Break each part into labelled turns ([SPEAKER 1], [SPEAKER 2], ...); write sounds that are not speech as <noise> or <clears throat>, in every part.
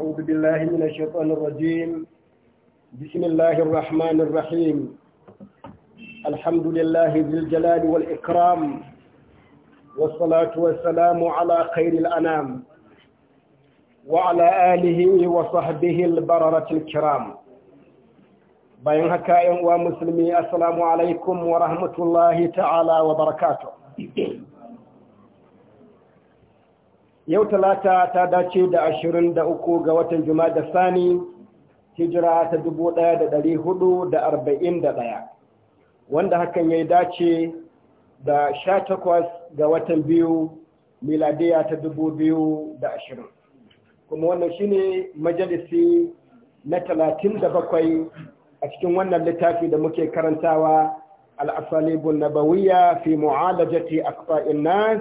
[SPEAKER 1] أعوذ بالله من الشيطان الرجيم بسم الله الرحمن الرحيم الحمد لله ذي الجلال والإكرام والصلاة والسلام على خير الأنام وعلى آله وصحبه البررة الكرام bayan haka ‘yan uwa musulmi assalamu alaikum wa rahmatullahi ta'ala wa barakatuh yau talata ta dace da ashirin da uku ga watan Juma da sani hijira ta dubu ɗaya da ɗari hudu da arba'in da ɗaya wanda hakan ya dace da sha takwas ga watan biyu miladiya ta dubu biyu da ashirin kuma wannan shine majalisi na talatin da bakwai a cikin wannan littafi da muke karantawa al'asalibun nabawiyya fi mu'alajati akfa'in nas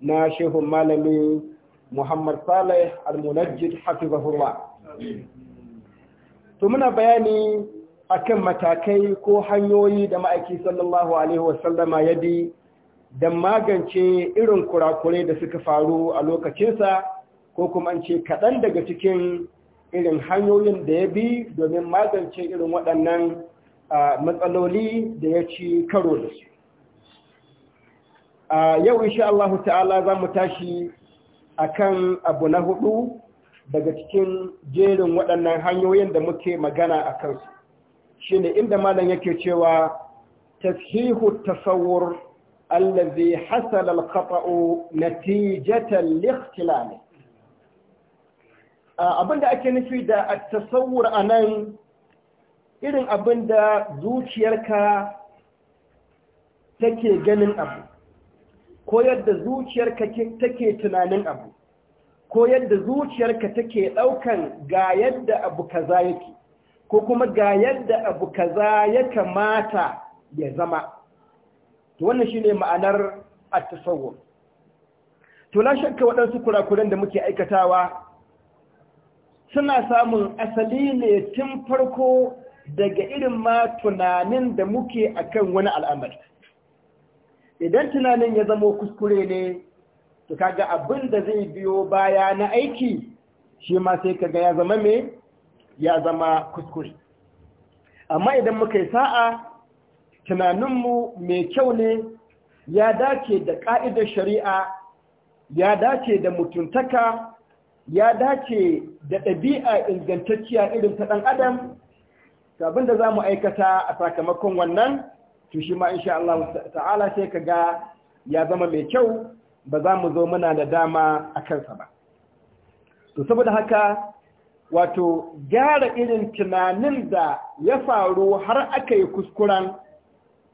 [SPEAKER 1] na shehun malami Muhammad Saleh Al-Munajjid hafizahullah to muna bayani akan matakai ko hanyoyi da ma'aiki sallallahu alaihi wasallama ya bi don magance irin kurakurai da suka faru a lokacinsa ko kuma an ce kaɗan daga cikin irin hanyoyin da ya bi domin magance irin waɗannan matsaloli da ya ci karo da su. Yau, insha Allah ta'ala za mu tashi akan abu na hudu daga cikin jerin waɗannan hanyoyin da muke magana a kansu ne inda malam yake cewa tashihu tasawur allazi hasala al-khata'u natijatan li abinda ake nufi da at-tasawur nan, irin abinda zuciyarka take ganin abu ko yadda zuciyarka take tunanin abu ko yadda zuciyarka take ɗaukan ga yadda abu kaza yake ko kuma ga yadda abu kaza ya kamata ya zama to wannan shine ma'anar at-tasawwur to la shakka waɗansu kurakuran da muke aikatawa suna samun asali ne tun farko daga irin ma tunanin da muke akan wani al'amari idan tunanin ya zama kuskure ne to kaga abin da zai biyo baya na aiki shi ma sai kaga ya zama me ya zama kuskure amma idan muka yi sa'a tunaninmu mai kyau ne ya dace da ƙa'idar shari'a ya dace da mutuntaka ya dace da ɗabi'a ingantacciya irin ta ɗan adam abin da za mu aikata a sakamakon wannan to shi ma insha Allah ta'ala sai ka ga ya zama mai kyau ba za mu zo muna da dama a kansa ba to saboda haka wato gyara irin tunanin da ya faru har aka yi kuskuren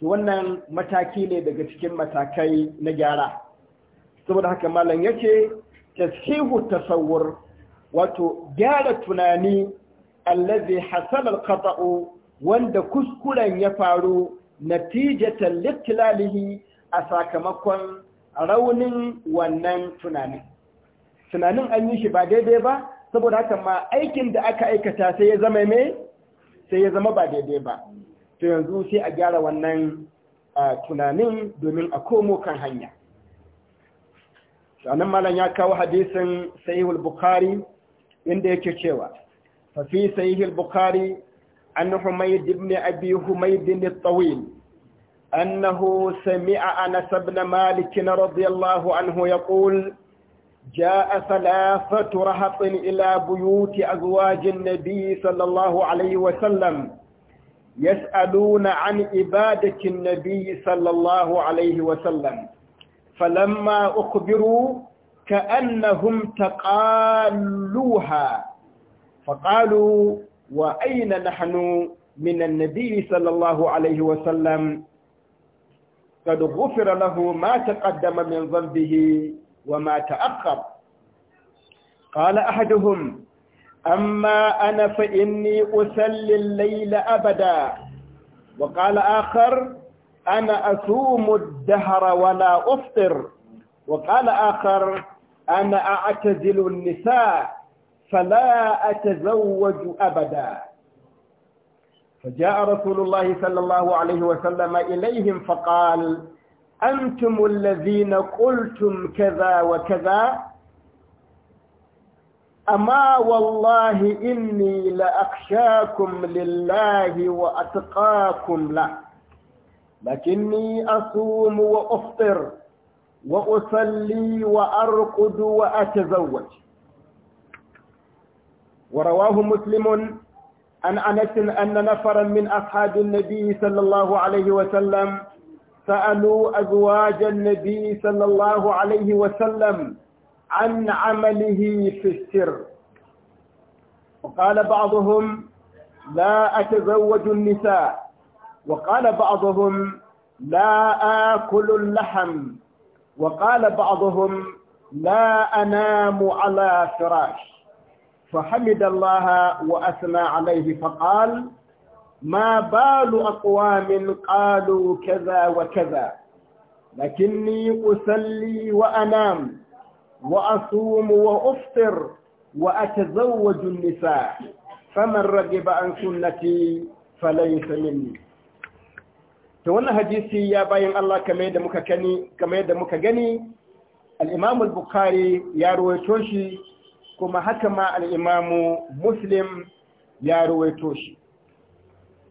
[SPEAKER 1] to wannan mataki ne daga cikin matakai na gyara saboda haka malam yace tasihu tasawur wato gyara tunani allazi hasala alqata'u wanda kuskuren ya faru natijatan littilalihi a sakamakon raunin wannan tunanin tunanin an yi shi ba daidai ba saboda haka ma aikin da aka aikata sai ya zama mai sai ya zama ba daidai ba to yanzu sai a gyara wannan tunanin domin a komo kan hanya sannan malam ya kawo hadisin sahihul bukhari inda yake cewa fa fi sahihul bukhari عن حميد بن أبي حميد الطويل أنه سمع أنس بن مالك رضي الله عنه يقول جاء ثلاثة رهط إلى بيوت أزواج النبي صلى الله عليه وسلم يسألون عن إبادة النبي صلى الله عليه وسلم فلما أخبروا كأنهم تقالوها فقالوا وأين نحن من النبي صلى الله عليه وسلم قد غفر له ما تقدم من ذنبه وما تأخر قال أحدهم أما أنا فإني أسلي الليل أبدا وقال آخر أنا أصوم الدهر ولا أفطر وقال آخر أنا أعتزل النساء فلا أتزوج أبدا فجاء رسول الله صلى الله عليه وسلم إليهم فقال أنتم الذين قلتم كذا وكذا أما والله إني لأخشاكم لله وأتقاكم له لكني أصوم وأفطر وأصلي وأرقد وأتزوج ورواه مسلم عن أنس أن نفرا من أصحاب النبي صلى الله عليه وسلم سألوا أزواج النبي صلى الله عليه وسلم عن عمله في السر وقال بعضهم لا أتزوج النساء وقال بعضهم لا آكل اللحم وقال بعضهم لا أنام على فراش فحمد الله وأثنى عليه فقال ما بال أقوام قالوا كذا وكذا لكني أسلي وأنام وأصوم وأفطر وأتزوج النساء فمن رغب عن سنتي فليس مني تولى حديثي يا باين الله كما kamar yadda muka gani kamar yadda muka gani al kuma haka ma al'imamu muslim ya ruwaito shi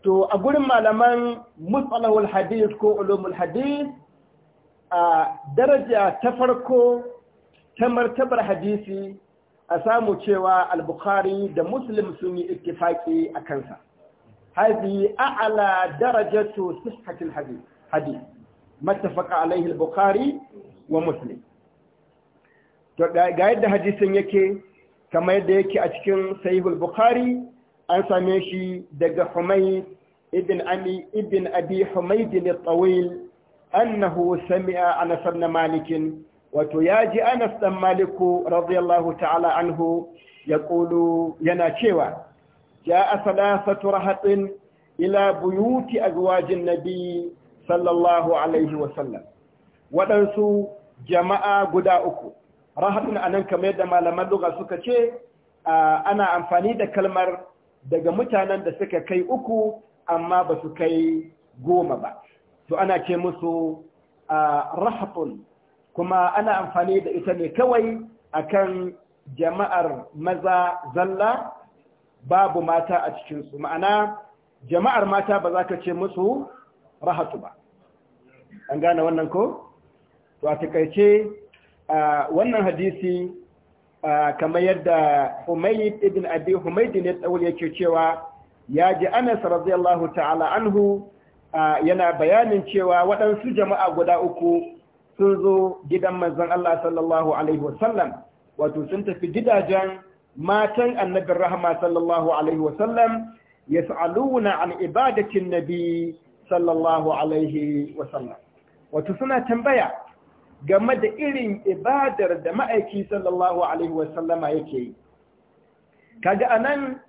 [SPEAKER 1] to a gurin malaman mutsalahul hadis ko ulumul hadith a daraja ta farko ta martabar hadisi a samu cewa al-bukhari da muslim sun yi ittifaki a kansa هذه أعلى درجة صحة الحديث حديث wa عليه To ومسلم قاعد حديث يكي kamar yadda yake a cikin sahihul bukhari an same shi daga humayd ibn ami ibn abi humayd al-tawil annahu sami'a anas ibn malik wato yaji anas dan malik radiyallahu ta'ala anhu yaqulu yana cewa ja'a thalathatu rahatin ila buyuti azwajin nabi sallallahu alaihi sallam waɗansu jama'a guda uku rahatun anan kamar yadda malaman lugha suka ce ana amfani da kalmar daga mutanen da suka kai uku amma ba su kai goma ba to ana ce musu rahatun kuma ana amfani da ita ne kawai akan jama'ar maza zalla babu mata a cikinsu ma'ana jama'ar mata ba za ka ce musu rahatu ba an gane wannan ko to a takaice wannan hadisi kamar yadda Humayd ibn Abi Humayd ne tsawul yake cewa ya ji Anas radiyallahu ta'ala anhu yana bayanin cewa waɗansu jama'a guda uku sun zo gidan manzon Allah sallallahu alaihi wasallam wato sun tafi gidajen matan annabin rahama sallallahu alaihi wasallam yas'aluna an ibadatin nabi sallallahu alaihi wasallam wato suna tambaya game da irin ibadar da ma'aiki sallallahu alaihi wasallama yake yi kaga anan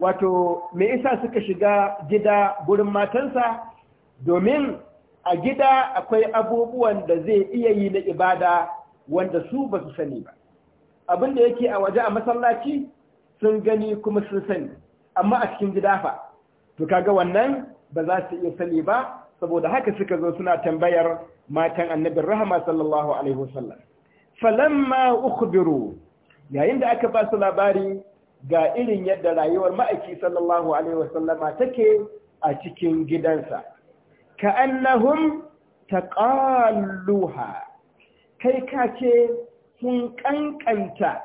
[SPEAKER 1] wato me isa suka shiga gida gurin matansa domin a gida akwai abubuwan da zai iya yi na ibada wanda su ba su sani ba abin da yake a waje a masallaci sun gani kuma sun sani amma a cikin gida fa to kaga wannan ba za su iya sani ba saboda haka suka zo suna tambayar matan annabin rahama sallallahu alaihi wasallam falamma ukhbiru yayin da aka ba su labari ga irin yadda rayuwar ma'aiki sallallahu alaihi wasallama take a cikin gidansa ka ta ƙaluha kai ka ce sun ƙanƙanta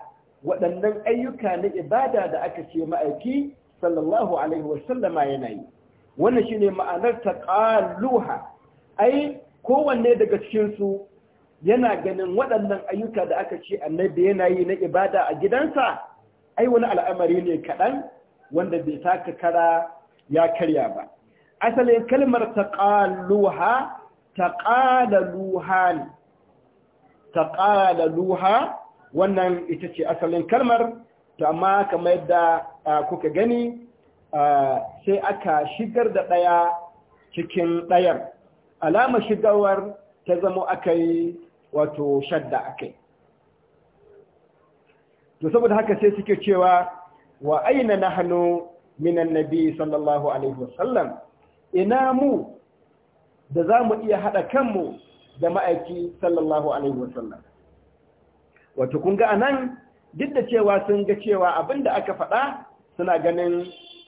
[SPEAKER 1] waɗannan ayyuka na ibada da aka ce ma'aiki sallallahu alaihi wasallama yana wannan shi ne ma'anar ta ƙaluha ai kowanne daga cikinsu yana ganin waɗannan ayyuka da aka ce annabi yana yi na ibada a gidansa ai wani al'amari ne kaɗan wanda bai taka kara ya karya ba asalin kalmar ta taqalaluha ne ƙalaluha wannan ita ce asalin kalmar to amma kamar yadda ah, kuka gani Eh, sai aka shigar da ɗaya cikin ɗayar alama shigawar ta zama aka wato shadda aka yi to saboda haka sai suke cewa wa aina na hannu minan nabi sallallahu alaihi wasallam ina mu da zamu iya haɗa kanmu da ma'aiki sallallahu alaihi wasallam wato kun ga anan duk da cewa sun ga cewa abin da aka faɗa suna ganin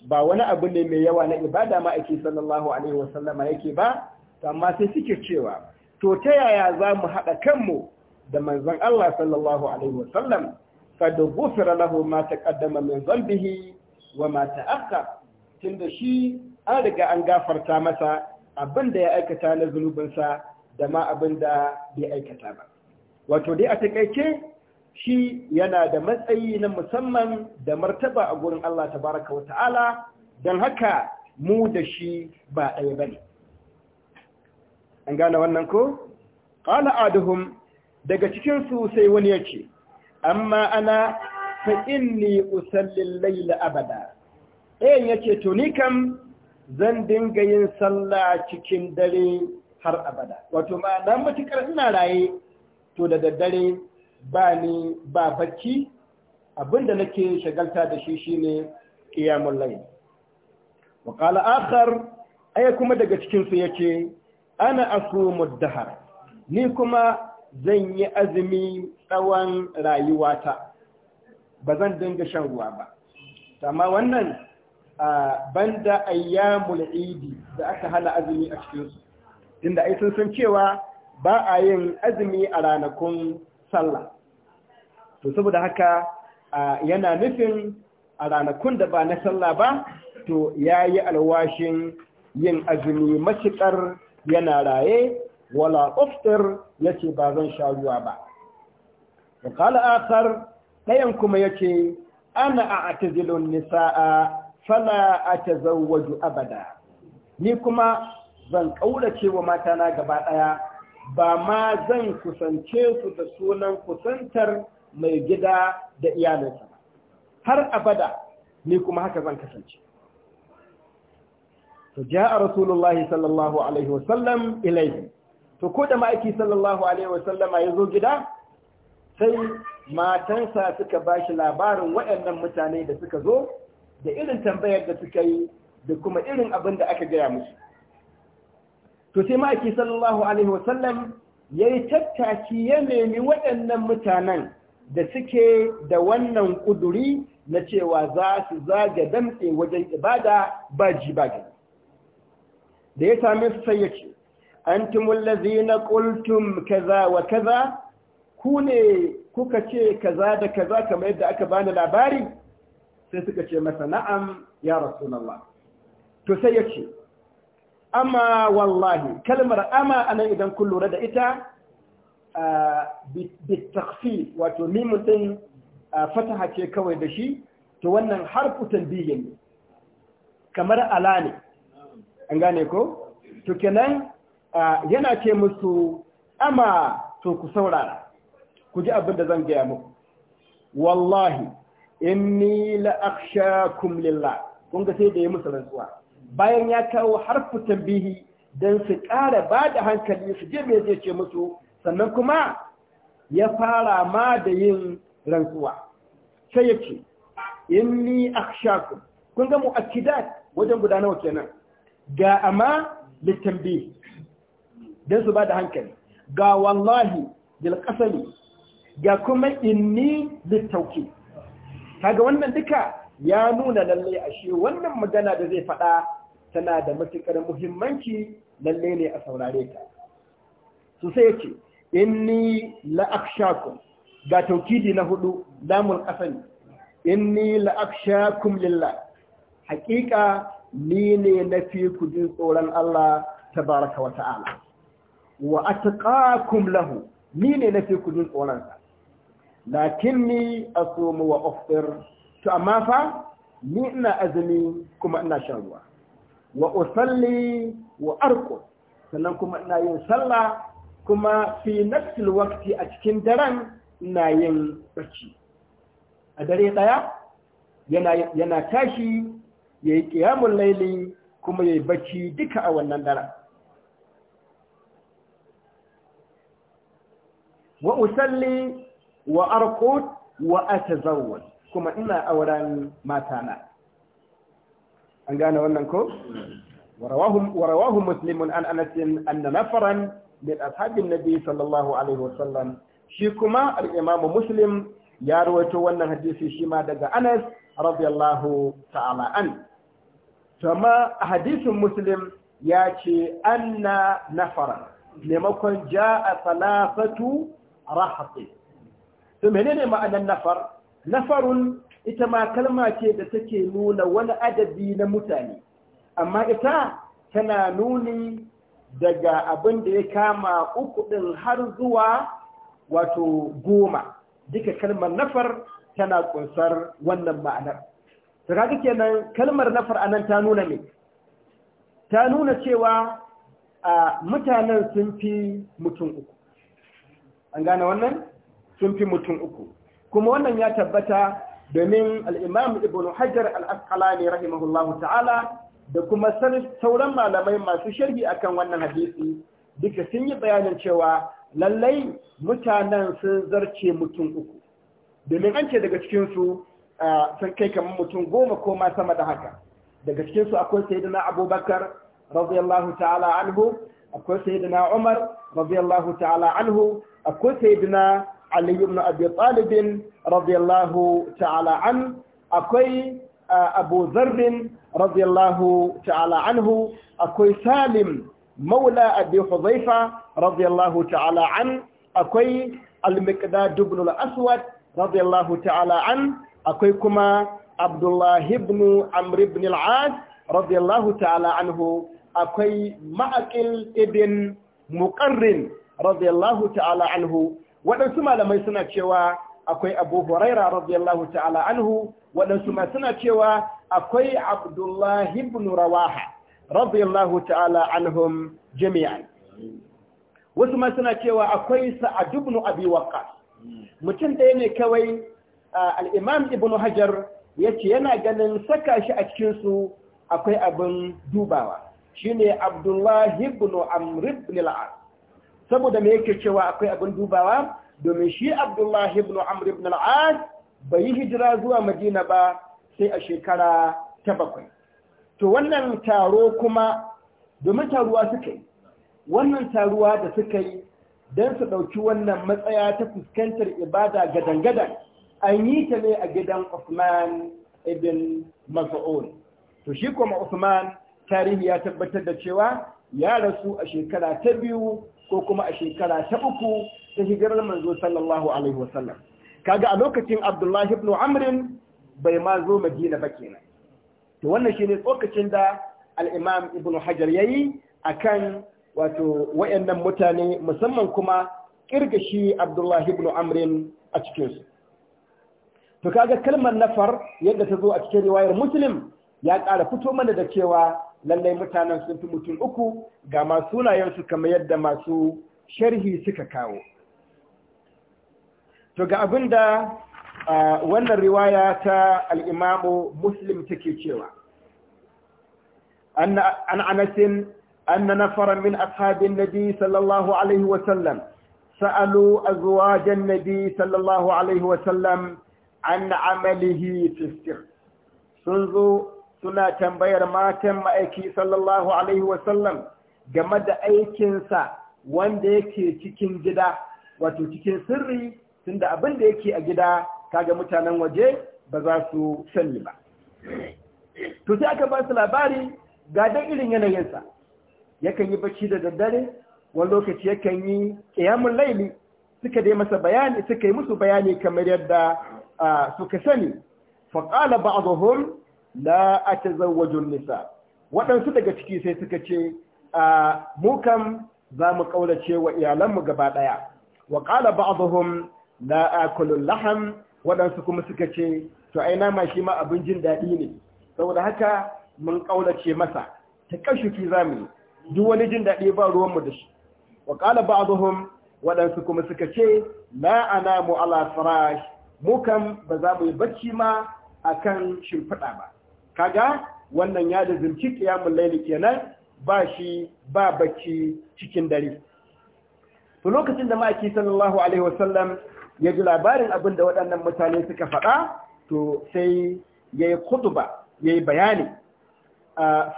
[SPEAKER 1] ba wani abu ne mai yawa na ibada ma ake sallallahu alaihi wasallama yake ba amma sai suke cewa to ta yaya za mu haɗa kanmu da manzon Allah sallallahu alaihi wasallam kad gufira lahu ma taqaddama min dhanbihi wa ma ta'akhkhar tunda shi an riga an gafarta masa abin da ya aikata na zunubinsa da ma abin da bai aikata ba wato dai a takaice shi yana da matsayi na musamman da martaba a gurin Allah tabaraka wa ta'ala don haka mu da shi ba ɗaya ba ne. An gane wannan ko? Ƙala aduhum daga cikinsu sai wani ya ce, amma ana fa'in ne usallin laila abada. Ɗayan ya ce, to ni kam zan dinga yin sallah cikin dare har abada. Wato ma'ana matuƙar ina raye, to da daddare ba ni ba bacci abinda nake shagalta da shi shine qiyamul layl wa qala akhar ay kuma daga cikin su yace ana asumud dahar ni kuma zan yi azumi tsawon rayuwata ba zan dinga shan ruwa ba amma wannan banda ayyamul idi da aka hana azumi a cikin su inda ai sun san cewa ba a yin azumi a ranakun sallah to saboda haka yana nufin a ranakun da ba na sallah ba to ya yi alwashin yin azumi matuƙar yana raye wala uftir ya ce ba zan sha ruwa ba da akar ɗayan kuma ya ce ana a atazilun nisa'a fala a tazawwaju abada ni kuma zan ƙaurace wa matana gaba ɗaya ba ma zan kusance su da sunan kusantar mai gida da iyalinsa har abada ni kuma haka zan kasance to a rasulullahi sallallahu alaihi wasallam ilaihi to ko da ma'aiki sallallahu alaihi wasallama ya zo gida sai matansa suka ba shi labarin waɗannan mutane da suka zo da irin tambayar da suka yi da kuma irin abin da aka gaya musu to sai ma'aiki sallallahu alaihi wasallam ya yi tattaki ya nemi waɗannan mutanen da suke da wannan ƙuduri na cewa za su zaga damtse wajen ibada ba ji ba gani da ya same su sai ya ce an tumullazi na ƙultum kaza wa kaza ku ne kuka ce kaza da kaza kamar yadda aka bani labari sai suka ce masa na'am ya rasulallah to sai ya amma wallahi kalmar ama anan idan kun lura da ita bitakfi wato mimun din fataha ce kawai da shi to wannan harfu biyan ne kamar ala ne an gane ko to kenan yana ce musu ama to ku saurara ku ji abin da zan gaya muku wallahi inni la akhshakum lillah kun ga sai da yi musu rantsuwa bayan ya kawo ku tambihi don su ƙara ba da hankali su je mai zai ce musu sannan kuma ya fara ma da yin rantsuwa sai ya ce in ni inni shaku kun ga mu'akkidat wajen gudanarwa kenan ga amma litambihi don su ba da hankali ga wallahi da qasami ga kuma in inni litauki kaga wannan duka ya nuna lallai ashe wannan magana da zai faɗa tana da matuƙar muhimmanci lalle ne a saurare ta su sai ce inni kun. ga taukidi na hudu lamun asali inni la'akshakum lillah haƙiƙa ni ne na fi ku jin tsoron Allah ta baraka wa ta'ala wa atqakum lahu ni ne na fi ku jin tsoron sa lakinni asumu wa afṭir to amma fa ni ina azumi kuma ina shan ruwa wa usalli wa sannan kuma ina yin sallah kuma fi nafsil waqti a cikin daren ina yin barci a dare daya yana yana tashi yayi qiyamul layli kuma yayi barci duka a wannan daren wa usalli wa arqu wa atazawwaj kuma ina auren matana an gane wannan ko mm-hmm. warawahu muslimun an anasin anna nafaran min ashabin nabi sallallahu alaihi wasallam shi kuma al-imamu ya rawaito wannan hadisi shi daga anas radiyallahu ta'ala an kuma hadisin muslim ya ce anna nafaran maimakon ja'a salafatu rahati to menene ma'anar nafar nafarun ita ma kalma ce da take nuna wani adadi na mutane amma ita tana nuni daga abin da ya kama uku ɗin har zuwa wato goma duka kalmar nafar tana ƙunsar wannan ma'anar ta kenan kalmar nafar nan ta nuna ne, ta nuna cewa a mutanen sun fi mutum uku an gane wannan sun fi mutum uku kuma wannan ya tabbata domin al'imam ibn hajar al'asqalani rahimahullahu ta'ala da kuma sauran malamai masu sharhi akan wannan hadisi duka sun yi bayanin cewa lallai mutanen sun zarce mutum uku domin an ce daga cikinsu sun kai kamar mutum goma ko ma sama da haka daga cikinsu akwai sayyidina abubakar radiyallahu ta'ala anhu akwai sayyidina umar radiyallahu ta'ala anhu akwai sayyidina Ali ibn Abi Talib radiyallahu ta'ala an akwai Abu Dharr radiyallahu ta'ala anhu akwai Salim maula Abi Hudhaifa radiyallahu ta'ala an akwai Al-Miqdad ibn al-Aswad radiyallahu ta'ala an akwai kuma Abdullah ibn Amr ibn al-As radiyallahu ta'ala anhu akwai Ma'aqil ibn Muqarrin radiyallahu ta'ala anhu waɗansu malamai suna cewa akwai abu huraira radiyallahu ta'ala anhu waɗansu ma suna cewa akwai abdullahi ibn rawaha radiyallahu ta'ala anhum jami'an wasu ma suna cewa akwai sa'ad ibn abi waqqas mutum ɗaya ne kawai al-imam ibn hajar yace yana ganin saka shi a cikin su akwai abin dubawa shine abdullahi ibn amr ibn al-as saboda me yake cewa akwai abin dubawa domin shi abdullahi ibn amr ibn al-as bai yi hijira zuwa madina ba sai a shekara ta bakwai to wannan taro kuma domin taruwa suka yi wannan taruwa da suka yi don su ɗauki wannan matsaya ta fuskantar ibada gadan-gadan an yi ta ne a gidan Usman ibn Mas'ud to shi kuma Usman tarihi ya tabbatar da cewa ya rasu a shekara ta biyu ko kuma a shekara ta uku ta hijirar manzo sallallahu alaihi wasallam kaga a lokacin abdullahi ibn amrin bai ma zo madina ba kenan to wannan shine tsokacin da al-imam ibn hajar yayi akan wato wayannan mutane musamman kuma kirgashi abdullahi ibn amrin a cikin su to kaga kalmar nafar yadda ta zo a cikin riwayar muslim ya ƙara fito mana da cewa lallai mutanen sun fi mutum uku ga masu sunayensu kamar yadda masu sharhi suka kawo to ga abinda da wannan riwaya ta al'imamu muslim take cewa an anasin an na nafarar min ashabin nabi sallallahu alaihi wasallam sa'alu a zuwa jan nabi sallallahu alaihi wasallam an amalihi fistir sun zo suna tambayar matan ma'aiki sallallahu alaihi wasallam game da aikinsa wanda yake cikin gida wato cikin sirri tunda abin da yake a gida kaga mutanen waje ba za su sani ba to sai aka ba su labari ga dan irin yanayinsa yakan yi bacci da daddare wani lokaci yakan yi ƙiyamun laili suka dai masa bayani suka yi musu bayani kamar yadda ah, suka sani faƙala ba'dhum la atazawwajun nisa waɗansu daga ciki sai suka ce a mu kam za mu kaulace wa iyalanmu gaba ɗaya wa qala ba'dhum la akulu laham waɗansu kuma suka ce to ai nama shi ma abin jin daɗi ne saboda haka mun kaulace masa ta kashuki zamu duk wani jin daɗi ba ruwanmu da shi wa qala ba'dhum waɗansu kuma suka ce la anamu ala farash mu kam ba za mu yi bacci ma akan shimfiɗa ba kaga wannan ya da zumci qiyamul laili kenan ba shi ba bacci cikin dare to lokacin da ma'aiki sallallahu alaihi wasallam ya ji labarin abin da waɗannan mutane suka faɗa to sai yayi khutba yayi bayani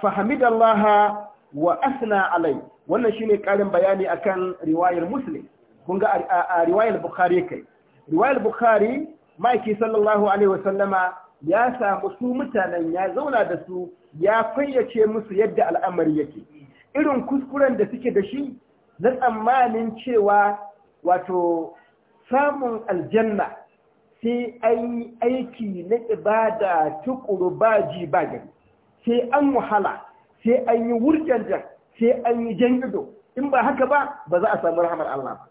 [SPEAKER 1] fahamidallaha wa asna alai wannan shine karin bayani akan riwayar muslim kun ga a riwayar bukhari kai riwayar bukhari ma'aiki sallallahu alaihi wasallama ya samu su mutanen ya zauna da su ya fayyace musu yadda al'amari yake irin kuskuren da suke da shi na tsammanin cewa wato samun aljanna sai an yi aiki na ibada tukuru ba ji ba gari sai an wahala sai an yi wurjanjar sai an yi jan ido in ba haka ba ba za a samu rahamar Allah ba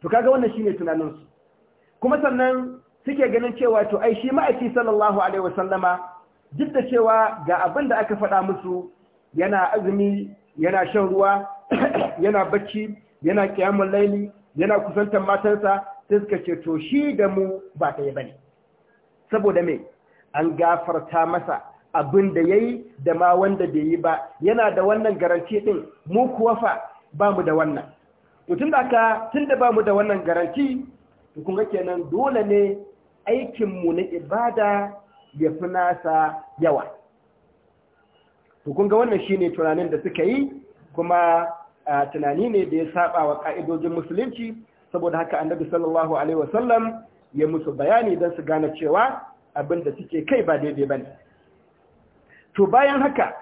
[SPEAKER 1] to kaga wannan shine tunaninsu kuma sannan suke ganin cewa to ai shi ma'aiki sallallahu alaihi wasallama duk da cewa ga abin da aka faɗa musu yana azumi yana shan ruwa <clears throat> yana bacci yana kiyamun laili yana kusantar matarsa sai suka ce to shi da mu ba ta yi bane saboda me an gafarta masa abin da yayi da ma wanda bai yi ba yana da wannan garanti din mu kuwa fa ba mu da wannan to tun da aka tun da ba mu da wannan garanti to kun ga kenan dole ne aikinmu na ibada ya fi nasa yawa kun ga wannan ne tunanin da suka yi kuma tunani ne da ya saba wa ƙa’idojin musulunci saboda haka annabi sallallahu alaihi wasallam ya musu bayani don su gane cewa abin da suke kai ba daidai ba ne. to bayan haka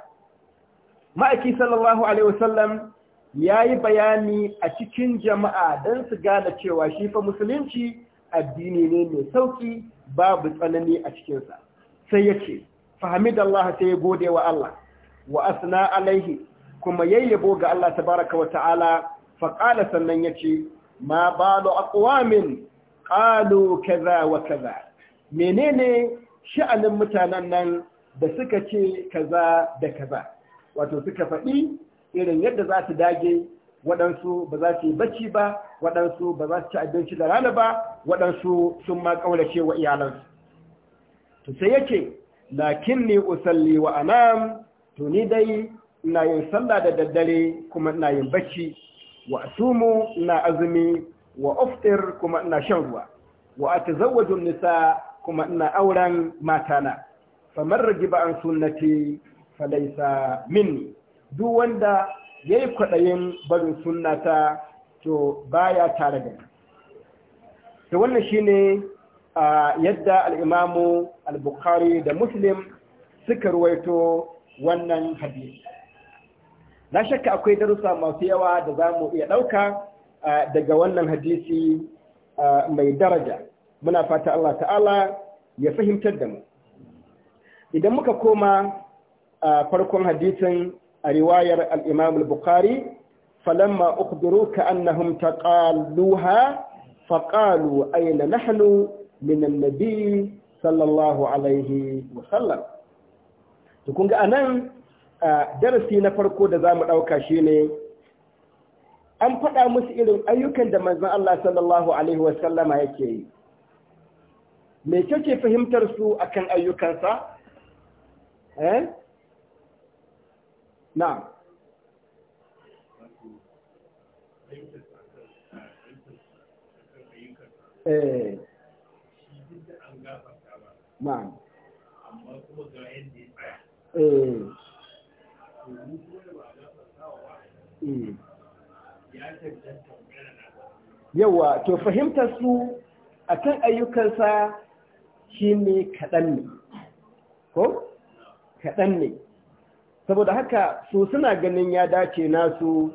[SPEAKER 1] ma'aiki sallallahu alaihi wasallam ya yi bayani a cikin jama'a don su gane cewa shi fa musulunci addini ne mai sauki babu tsanani a cikinsa sai ya ce fahimidallah sai ya gode wa Allah wa asna alaihi kuma yayyabo ga Allah tabaraka wa ta'ala fa faƙala sannan yace ce ma ba aqwamin akwamin ƙalo kaza wa kaza menene sha'anin mutanen nan da suka ce kaza da kaza wato suka faɗi irin yadda za su dage waɗansu ba za su yi bacci ba waɗansu ba za su ci abinci da rana ba waɗansu sun ma ƙaurace wa iyalansu to sai yake lakin ni usalli wa anam to ni dai ina yin sallah da daddare kuma ina yin bacci wa asumu ina azumi wa uftir kuma ina shan ruwa wa atazawwaju nisa kuma ina auren matana faman rajiba an sunnati falaysa minni duk wanda ya yi kwaɗayin barin ta to baya tare da ni to wannan shine yadda al'imamu al-bukhari da muslim suka ruwaito wannan hadisi na shakka akwai darussa masu yawa da za mu iya ɗauka daga wannan hadisi mai daraja muna fata Allah ta'ala ya fahimtar da mu idan muka koma farkon hadisin a riwayar al al-Bukhari falamma ukhbiru annahum taqaluha faqalu ayna nahnu min an sallallahu alaihi wa sallam to kun ga anan darasi na farko da zamu dauka shine an faɗa musu irin ayyukan da manzon Allah sallallahu alaihi wa sallama yake yi me kake fahimtar su akan ayyukansa eh na'am eh, eh. to fahimtar su akan ayyukansa shi ne kaɗan ne ko kaɗan ne saboda haka su suna ganin ya dace nasu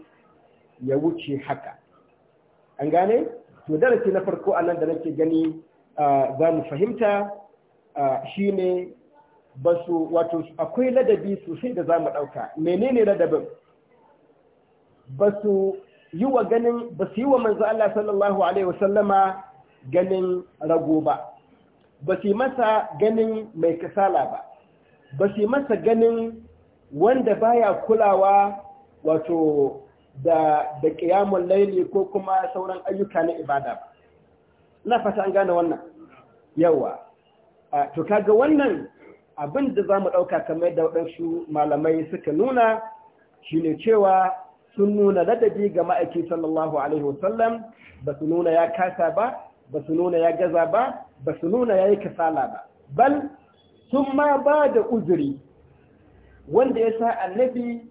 [SPEAKER 1] ya wuce haka an gane to darasi na farko a nan da nake gani za mu fahimta shi ne. ba su wato akwai ladabi sosai da za mu ɗauka menene ladabin ba su yi wa ganin ba su yi wa manzo Allah sallallahu alaihi wasallama ganin rago ba ba su yi masa ganin mai kasala ba ba su yi masa ganin wanda baya kulawa wato da da qiyamul laili ko kuma sauran ayyuka na ibada ba ina fata an gane wannan yawa to kaga wannan abin da zamu dauka kamar da wadansu malamai suka nuna shine cewa sun nuna ladabi ga ma'aiki sallallahu alaihi wasallam ba su nuna ya kasa ba ba su nuna ya gaza ba ba su nuna ya yi kasala ba bal sun ma ba da uzuri wanda ya sa annabi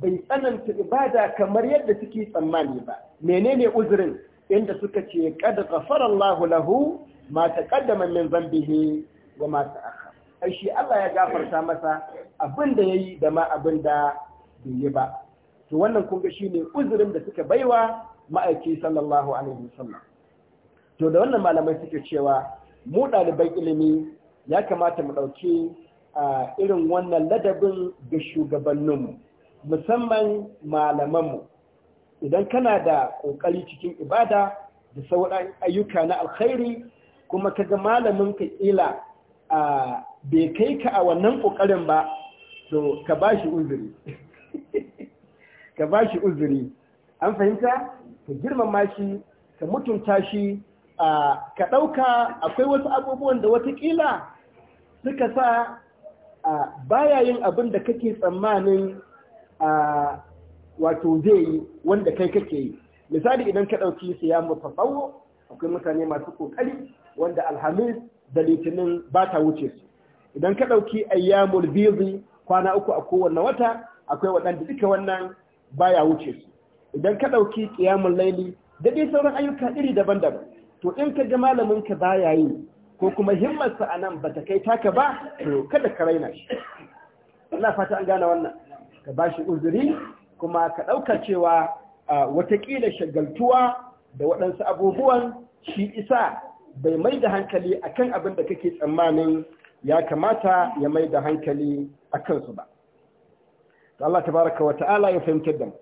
[SPEAKER 1] bai tsananta ibada kamar yadda suke tsammani ba menene uzurin inda suka ce kada ghafara Allahu lahu ma taqaddama min dhanbihi wa ma ta'akhkhar ai shi Allah ya gafarta masa abinda yayi da ma abinda bai yi ba to wannan kun ga shine uzurin da suka baiwa ma'aiki sallallahu alaihi wasallam to da wannan malamai suke cewa mu ɗaliban ilimi ya kamata mu ɗauki irin wannan ladabin ga shugabanninmu musamman malamanmu idan kana da ƙoƙari cikin ibada da sauran ayyuka na alkhairi kuma ka ga malamin ka ƙila bai kai ka a wannan ƙoƙarin ba to ka ba shi uzuri <laughs> ka ba shi uzuri an fahimta ka girmama shi ka mutunta shi ka ɗauka akwai wasu abubuwan da watakila suka sa baya yin abin da kake tsammanin wato zai yi wanda kai kake yi misali idan ka ɗauki mutu tsawo akwai mutane masu ƙoƙari wanda alhamis da litinin ba ta wuce su idan ka ɗauki ayyamul bizi kwana uku a kowane wata akwai waɗanda duka wannan baya wuce su idan ka ɗauki ƙiyamun laili da dai sauran ayyuka iri daban-daban to in ka ga malamin ka baya yi ko kuma himmarsa a nan ba ta kai taka ba to kada ka raina shi ina fata an gane wannan ka ba shi uzuri kuma ka ɗauka cewa watakila shagaltuwa da waɗansu abubuwan shi isa bai mai da hankali akan abin da kake tsammanin ya kamata ya mai da hankali a kansu ba Allah baraka wa ta'ala ya fahimtar da mu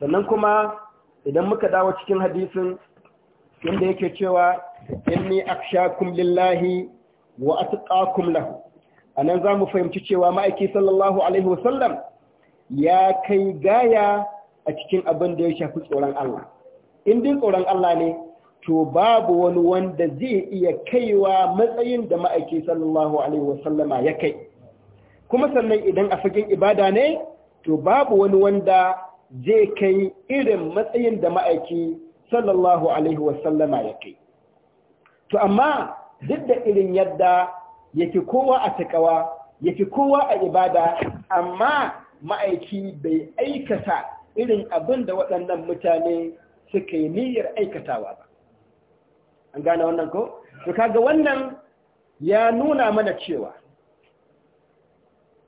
[SPEAKER 1] sannan kuma idan muka dawo cikin hadisin inda yake cewa inni akshakum lillahi wa atqakum lahu anan zamu fahimci cewa ma'aiki sallallahu alaihi wa sallam ya kai gaya a cikin abin da ya shafi tsoron Allah in din tsoron Allah ne to babu wani wanda zai iya kaiwa matsayin da ma'aiki sallallahu alaihi wa sallama ya kai kuma sannan idan a fagen ibada ne to babu wani wanda zai kai irin matsayin da ma'aiki sallallahu alaihi wa sallama ya kai to amma duk da irin yadda yake kowa a takawa yake kowa a ibada amma ma'aiki bai aikata irin abin da waɗannan mutane suka yi niyyar aikatawa ba an gane wannan ko to kaga wannan ya nuna mana cewa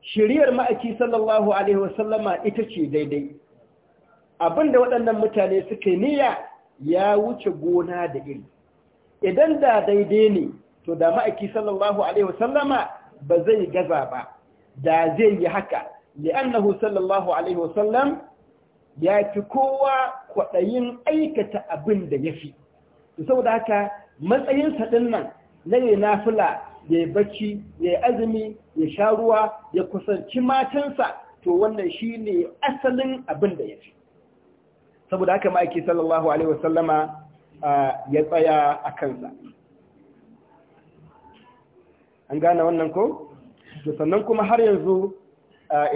[SPEAKER 1] shiriyar ma'aiki sallallahu alaihi wasallama ita ce daidai abin da waɗannan mutane suka yi niyya ya wuce gona da iri idan da daidai ne to da ma'aiki sallallahu alaihi wasallama ba zai gaza ba da zai yi haka li'annahu sallallahu alaihi wasallam ya fi kowa kwaɗayin aikata abin da ya fi saboda haka matsayinsa ɗinnan nan na yi nafila ya yi bacci ya yi azumi ya sha ruwa ya kusanci matansa to wannan shi ne asalin abin da ya fi saboda haka ma'aiki sallallahu alaihi wasallama ya tsaya a kansa an gane wannan ko? sannan kuma har yanzu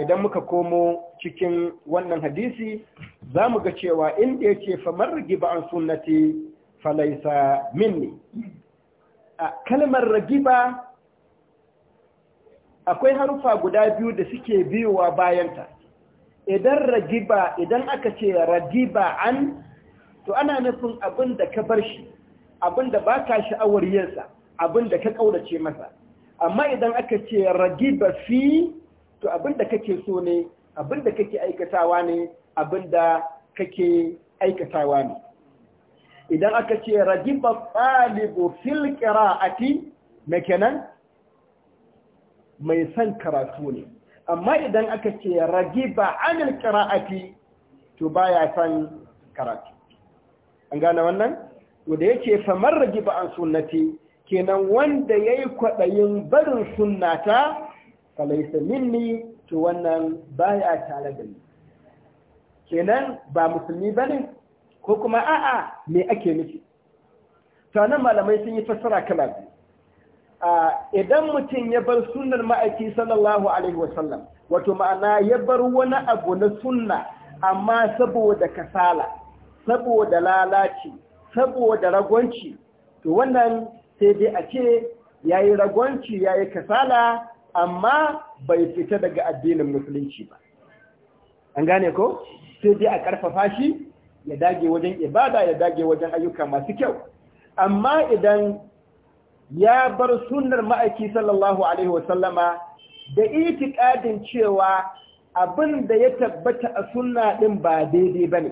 [SPEAKER 1] idan muka komo cikin wannan hadisi za mu ga cewa inda ya ce famar rigiba an sunnati falaisa minni kalmar ragiba akwai harufa guda biyu da suke biyuwa bayanta idan ragiba idan aka ce ragiba an to ana nufin abin da ka bar shi abin da ba ka sha'awar yinsa abin da ka ƙaurace masa amma idan aka ce ragiba fi to abin da kake so ne abin da kake aikatawa ne abin da kake aikatawa ne idan aka ce ragiba ɗalibu fil ƙira'ati na kenan mai san karatu ne amma idan aka ce ragiba anil ƙira'ati to baya son karatu an gane wannan to da yake famar ragi ba an sunnati kenan wanda yayi kwadayin barin sunnata falaisa minni to wannan baya tare da ni kenan ba musulmi bane ko kuma a'a me ake nufi to nan malamai sun yi fassara kala biyu idan mutum ya bar sunnar ma'aiki sallallahu alaihi wasallam wato ma'ana ya bar wani abu na sunna amma saboda kasala saboda lalaci saboda ragwanci to wannan sai dai a ce ya yi ragwanci ya yi kasala amma bai fita daga addinin musulunci ba an gane ko sai dai a ƙarfafa shi ya dage wajen ibada ya dage wajen ayyuka masu kyau amma idan ya bar sunnar ma'aiki sallallahu alaihi wasallama da itikadin cewa abin da ya tabbata a sunna din ba daidai bane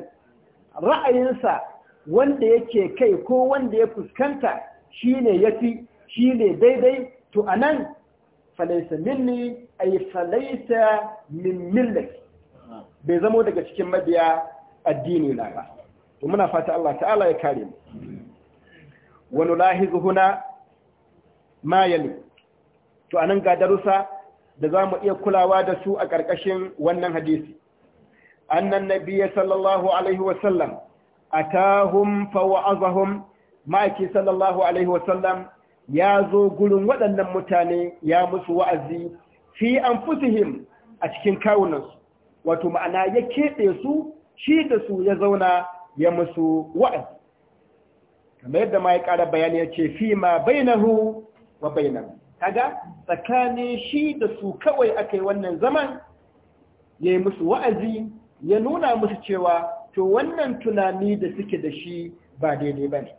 [SPEAKER 1] ra'ayinsa wanda yake kai ko wanda ya fuskanta shine yafi shine daidai to a anan falaisa minni yi falaisa min bai zamo daga cikin mabiya addini na ba to muna fata Allah ta'ala ya kare mu wani lahi huna ma To to anan ga darussa da za mu iya kulawa da su a ƙarƙashin wannan hadisi أن النبي صلى الله عليه وسلم أتاهم فوعظهم ma'aiki sallallahu alaihi wasallam ya zo gurin waɗannan mutane ya musu wa'azi fi an fusihim a cikin kawunansu wato ma'ana ya keɓe su shi da su ya zauna ya musu wa'azi kamar yadda ma ya ƙara bayani ya ce fi ma bainahu wa bainahu kaga tsakanin shi da su kawai aka yi wannan zaman ya musu wa'azi ya nuna musu cewa to wannan tunani da suke da shi ba daidai ba ne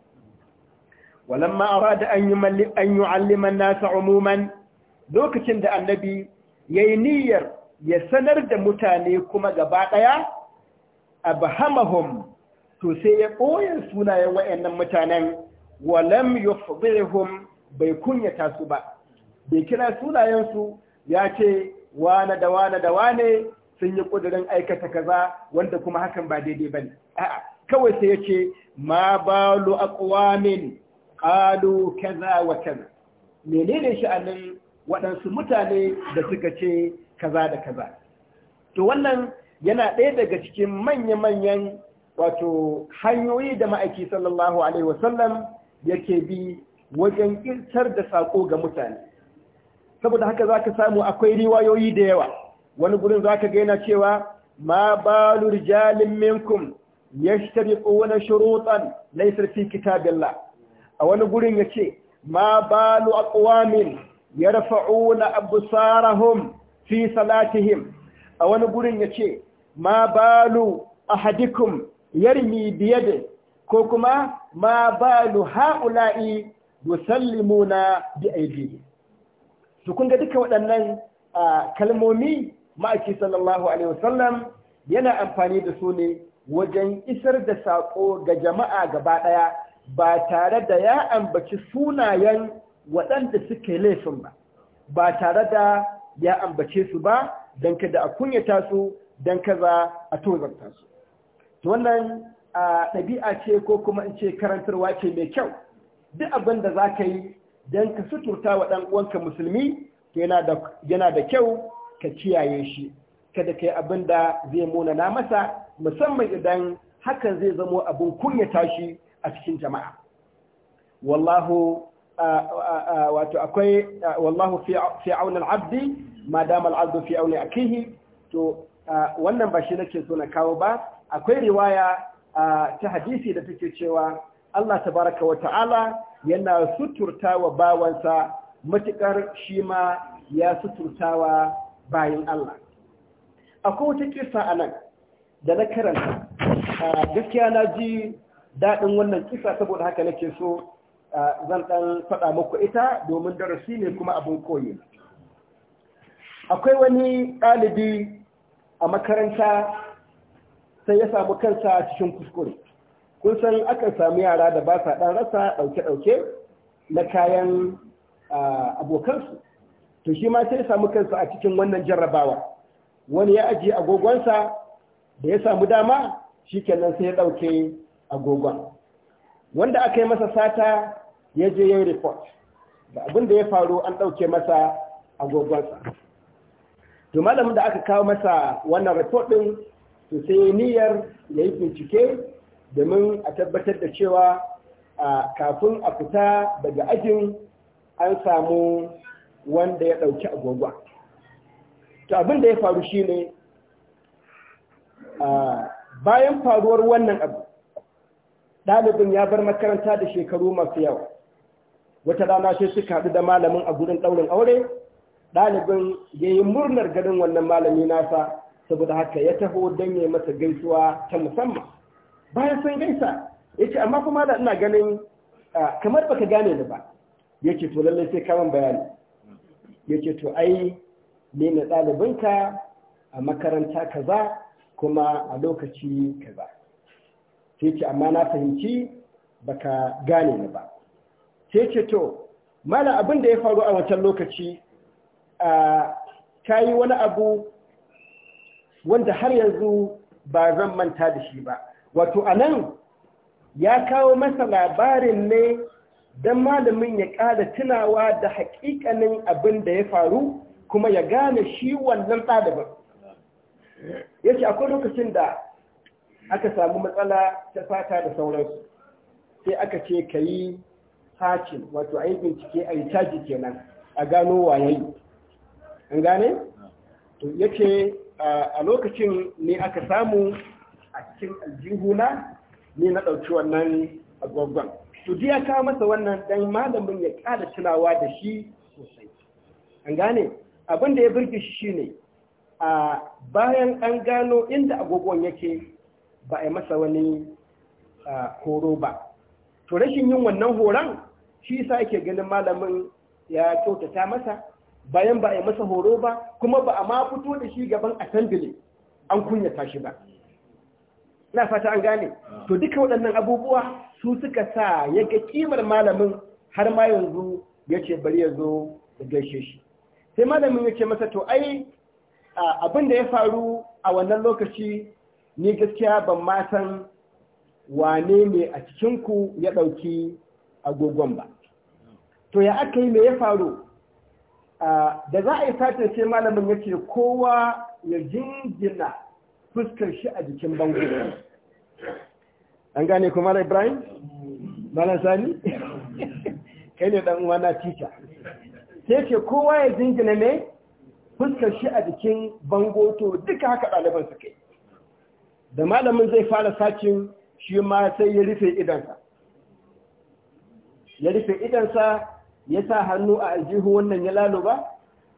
[SPEAKER 1] Walan ma'ara da an alliman nasa umuman lokacin da annabi ya yi niyyar ya sanar da mutane kuma gaba a abhamahum to sai ya ɓoye sunayen wayannan mutanen walam yufdhihum bai kunyata su ba bai kira sunayensu ya ce wane da wane da wane sun yi ƙudurin aikata kaza wanda kuma hakan ba daidai ba ne. A'a, kawai sai ya ce, ma balu aƙwamin qalu kaza wa kaza. Menene sha'anin waɗansu mutane da suka ce kaza da kaza. To wannan yana ɗaya daga cikin manya-manyan wato hanyoyi da ma'aiki sallallahu Alaihi wasallam yake bi wajen ƙirtar da saƙo ga mutane. Saboda haka za ka samu akwai riwayoyi da yawa. wani gurin za ka gaina cewa ma ba rijalin minkum yashtariquna na laysa fi bella. a wani gurin ya ce ma ba balu aqwamin abu sarahun fi salatihim a wani gurin ya ce ma ba lu ahadikum yarmi biyade ko kuma ma ba balu haula'i yusallimuna bi aydihim su kun ga duka waɗannan ah, kalmomi ma'aiki sallallahu alaihi wasallam yana amfani da su ne wajen isar da saƙo ga jama'a gaba ɗaya ba tare da ya ambaci sunayen waɗanda suke laifin ba ba tare da ya ambace su ba don kada a kunyata su don kaza a tozarta su to wannan ɗabi'a ce ko kuma in ce karantarwa ce mai kyau duk abin da za ka yi don ka suturta wa ɗan uwanka musulmi yana da kyau ka kiyaye shi kada kai abin da zai munana masa musamman idan hakan zai zamo abin kunyata shi a cikin jama'a wallahu wato akwai wallahu fi aunin abdi ma damar abdu fi aunin akihi to wannan ba shi nake so na kawo ba akwai riwaya ta hadisi da take cewa Allah tabaraka wa ta'ala yana suturta wa bawansa matukar shi ma ya suturtawa bayan Allah akwai wata kisa a nan da na karanta gaskiya na ji daɗin wannan kisa saboda haka nake so zan ɗan faɗa muku ita domin darasi ne kuma abin koyi akwai wani ɗalibi a makaranta sai ya samu kansa cikin kuskure kun san akan samu yara da ba sa ɗan rasa ɗauke-ɗauke na kayan abokansu to shi ma sai ya samu kansa a cikin wannan jarrabawa wani ya ajiye agogonsa da ya samu dama shi kenan sai ya ɗauke agogon wanda aka yi masa sata ya je ya yi report da abin da ya faru an ɗauke masa agogonsa to malamin da aka kawo masa wannan report ɗin to sai ya niyyar ya yi bincike domin a tabbatar da cewa kafin a fita daga ajin an samu wanda ya ɗauki agwagwa to abin da ya faru shine bayan faruwar wannan abu ɗalibin ya bar makaranta da shekaru masu yawa wata rana sai suka haɗu da malamin a gurin ɗaurin aure ɗalibin ya yi murnar garin wannan malami nasa saboda haka ya taho don yi masa gaisuwa ta musamman bayan sun gaisa ya ce amma kuma da ina ganin kamar baka gane ni ba ya ce to lallai sai kaman bayani yake to ai ne na ɗalibinka a makaranta kaza kuma a lokaci kaza sai ce amma na fahimci baka gane ni ba sai ce to mana abin da ya faru a wancan lokaci a ta yi wani abu wanda har yanzu ba zan manta da shi ba wato anan ya kawo masa labarin ne don malamin ya ƙara tunawa da haƙiƙanin abin da ya faru kuma ya gane shi wannan ɗaliban ya ce akwai lokacin da aka samu matsala ta fata da sauransu sai aka ce ka yi hacin wato a yi bincike a yi caji kenan a gano wayayi an gane? ya ce a lokacin ne aka samu a cikin aljihuna ne na ɗauki wannan agwagwan to ya ka masa wannan dan malamin ya kara tunawa da shi sosai an gane abin da ya burge shi shine a bayan an gano inda agogon yake ba a yi masa wani horo ba to rashin yin wannan horon shi sa yake ganin malamin ya kyautata masa bayan ba a yi masa horo ba kuma ba a ma fito da shi gaban assembly an kunyata shi ba na fata an gane ah. to duka waɗannan abubuwa su suka sa ya ga kimar malamin har ma yanzu ya ce bari ya zo da gaishe shi sai malamin ya ce masa to ai abin da ya faru a wannan lokaci ni gaskiya ban ma san wane ne a cikinku ya ɗauki agogon ba to ya aka yi me ya faru da za a yi satin sai malamin ya ce kowa ya jingina fuskar shi a jikin bango an gane kuma da ibrahim malam sani <laughs> kai ne dan uwana tita sai ce kowa ya zingina ne fuskar shi a jikin bango to duka haka ɗaliban su kai da malamin zai fara sacin shi ma sai ya rufe idansa ya rufe idansa ya sa hannu a aljihu wannan ya laluba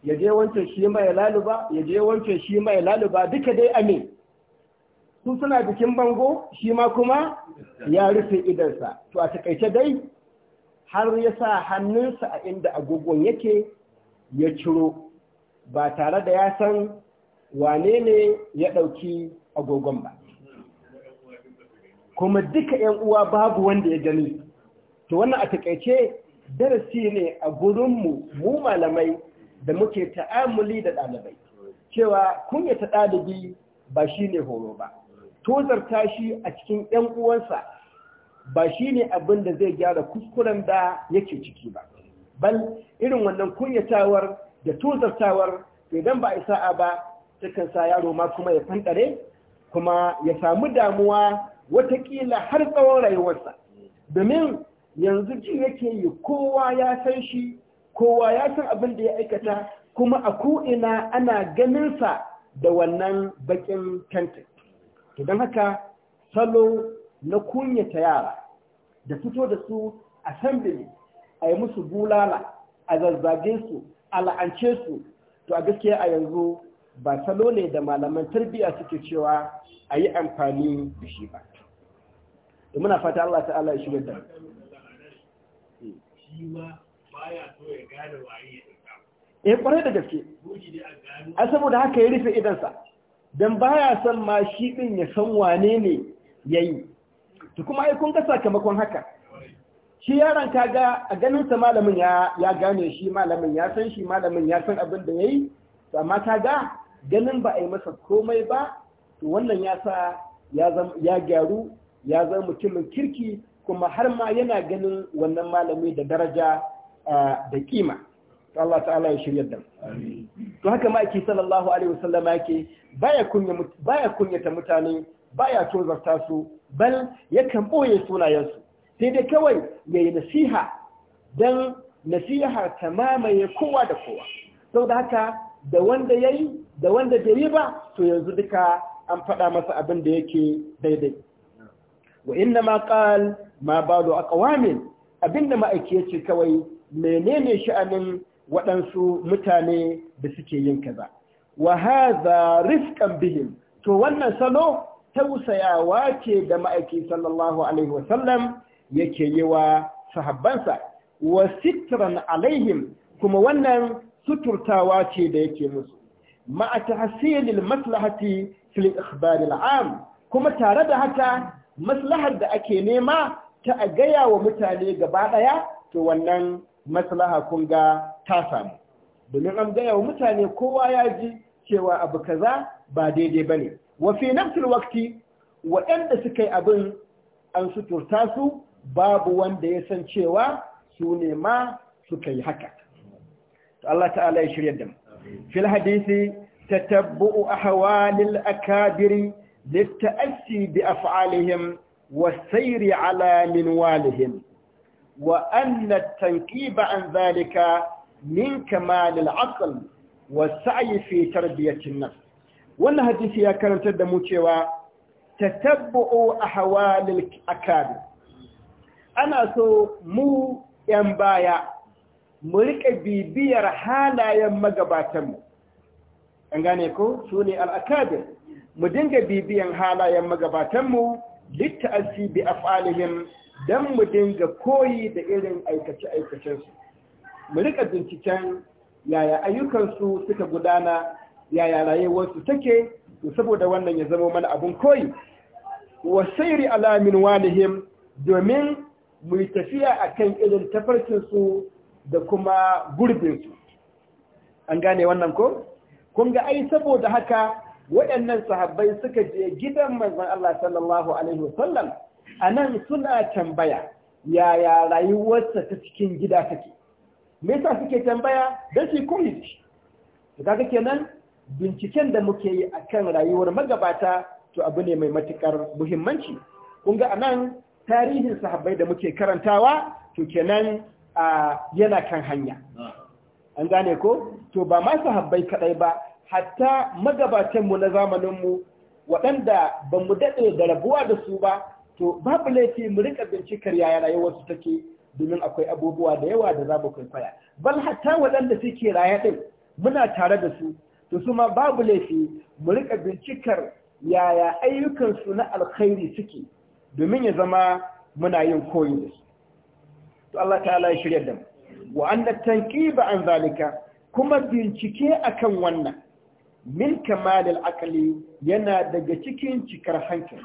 [SPEAKER 1] ya je wancan shi ma ya laluba ya je wancan shi ma ya laluba duka dai amin su suna jikin bango shi ma kuma ya rufe idansa to a takaice dai har ya sa hannunsa a inda agogon yake ya ciro ba tare da ya san wane ne ya ɗauki agogon ba kuma duka ‘yan uwa babu wanda ya gani to wannan a takaice darasi ne a gurinmu mu malamai da muke ta'amuli da ɗalibai cewa kunyata ɗalibi ba shi ne horo ba tozarta shi a cikin ‘yan uwansa ba shi ne abin da zai gyara kuskuren da yake ciki ba. Bal irin wannan kunyatawar da tozartawar idan ba a sa'a ba takan sa yaro ma kuma ya fanɗare, kuma ya samu damuwa watakila har tsawon rayuwarsa. Domin yanzu ji yake yi kowa ya san shi, kowa ya san abin da ya aikata, kuma a ko'ina ana ganinsa da wannan bakin kantin. to don haka salo na kunyata yara da fito da su a sambili a yi musu bulala a zazzage su a la'ance su to a gaskiya a yanzu ba salo ne da malaman tarbiyya suke cewa a yi amfani da shi ba da muna fata Allah ta'ala ya shigar da ya kwarai eh, da gaske a saboda haka ya rufe idansa don baya san ma shi ɗin ya san wane ne ya yi to kuma ai kun ga sakamakon haka shi yaron kaga a ganinsa malamin ya gane shi malamin ya san shi malamin ya san abin da ya yi to amma kaga ganin ba a yi masa komai ba to wannan ya sa ya gyaru ya zama mutumin kirki kuma har ma yana ganin wannan malami da daraja eh, da kima Allah ta'ala ya shirya da to haka maki sallallahu alaihi wasallam yake baya kunya baya kunyata mutane baya tozarta su bal yakan boye sunayensu sai dai kawai yayi nasiha dan nasiha ta mamaye kowa da kowa saboda haka da wanda yayi da wanda bai ba to yanzu duka an faɗa masa abin da yake daidai wa inna ma qal ma ba'du aqwamin abinda ma'aiki yace kawai menene sha'anin waɗansu mutane da suke yin kaza wa hadha rifqan bihim to wannan salo tausayawa ce da ma'aiki sallallahu alaihi wa yake yi wa sahabbansa wa sitran alaihim kuma wannan suturtawa ce da yake musu ma'a tahsilil maslahati fil ikhbar am kuma tare da haka maslahar da ake nema ta a gaya wa mutane gaba ɗaya to wannan maslaha kun ga ta samu domin an gaya wa mutane kowa ya ji cewa abu kaza ba daidai bane wa fi nafsul wakti waɗanda suka yi abin an suturta su babu wanda ya san cewa su ne ma suka yi haka Allah ta'ala ya shirya da fil hadisi tatabbu'u ahwalil akabiri للتأسي بأفعالهم والسير على منوالهم وأن التنكيب an zalika min kamalil aql wa sa'yi fi tarbiyatin nafs wannan hadisi ya karantar da mu cewa tatabbu'u ahwalil akabi ana so mu yan baya mu riƙa bibiyar halayen magabatanmu an gane ko su ne al'akabir mu dinga bibiyan halayen magabatanmu littasi bi af'alihim don mu dinga koyi da irin aikace-aikacensu mu rika binciken yaya ayyukansu suka gudana yaya rayuwarsu take saboda wannan ya zama mana abun koyi wa sayri alamin walihim domin mu tafiya akan irin tafarkinsu da kuma gurbinsu an gane wannan ko kun ga ai saboda haka waɗannan sahabbai suka je gidan manzon Allah sallallahu alaihi wasallam anan suna tambaya yaya rayuwarsa ta cikin gida take me yasa suke tambaya don su community to kaga kenan binciken da muke yi akan rayuwar magabata to abu ne mai matukar muhimmanci kun ga anan tarihin sahabbai da muke karantawa to kenan yana kan hanya an gane ko to ba ma sahabbai kadai ba hatta magabatan mu na zamanin mu waɗanda ba mu daɗe da rabuwa da su ba to babu laifi mu rika bincikar yaya rayuwarsu take domin akwai abubuwa da yawa da za mu kwaikwaya bal hatta waɗanda suke raya ɗin muna tare da su to su ma babu laifi mu riƙa bincikar yaya ayyukansu na alkhairi suke domin ya zama muna yin koyi da su to Allah ta'ala ya shirya da mu wa anna tanqiba an zalika kuma bincike akan wannan min kamalil aqli yana daga cikin cikar hankali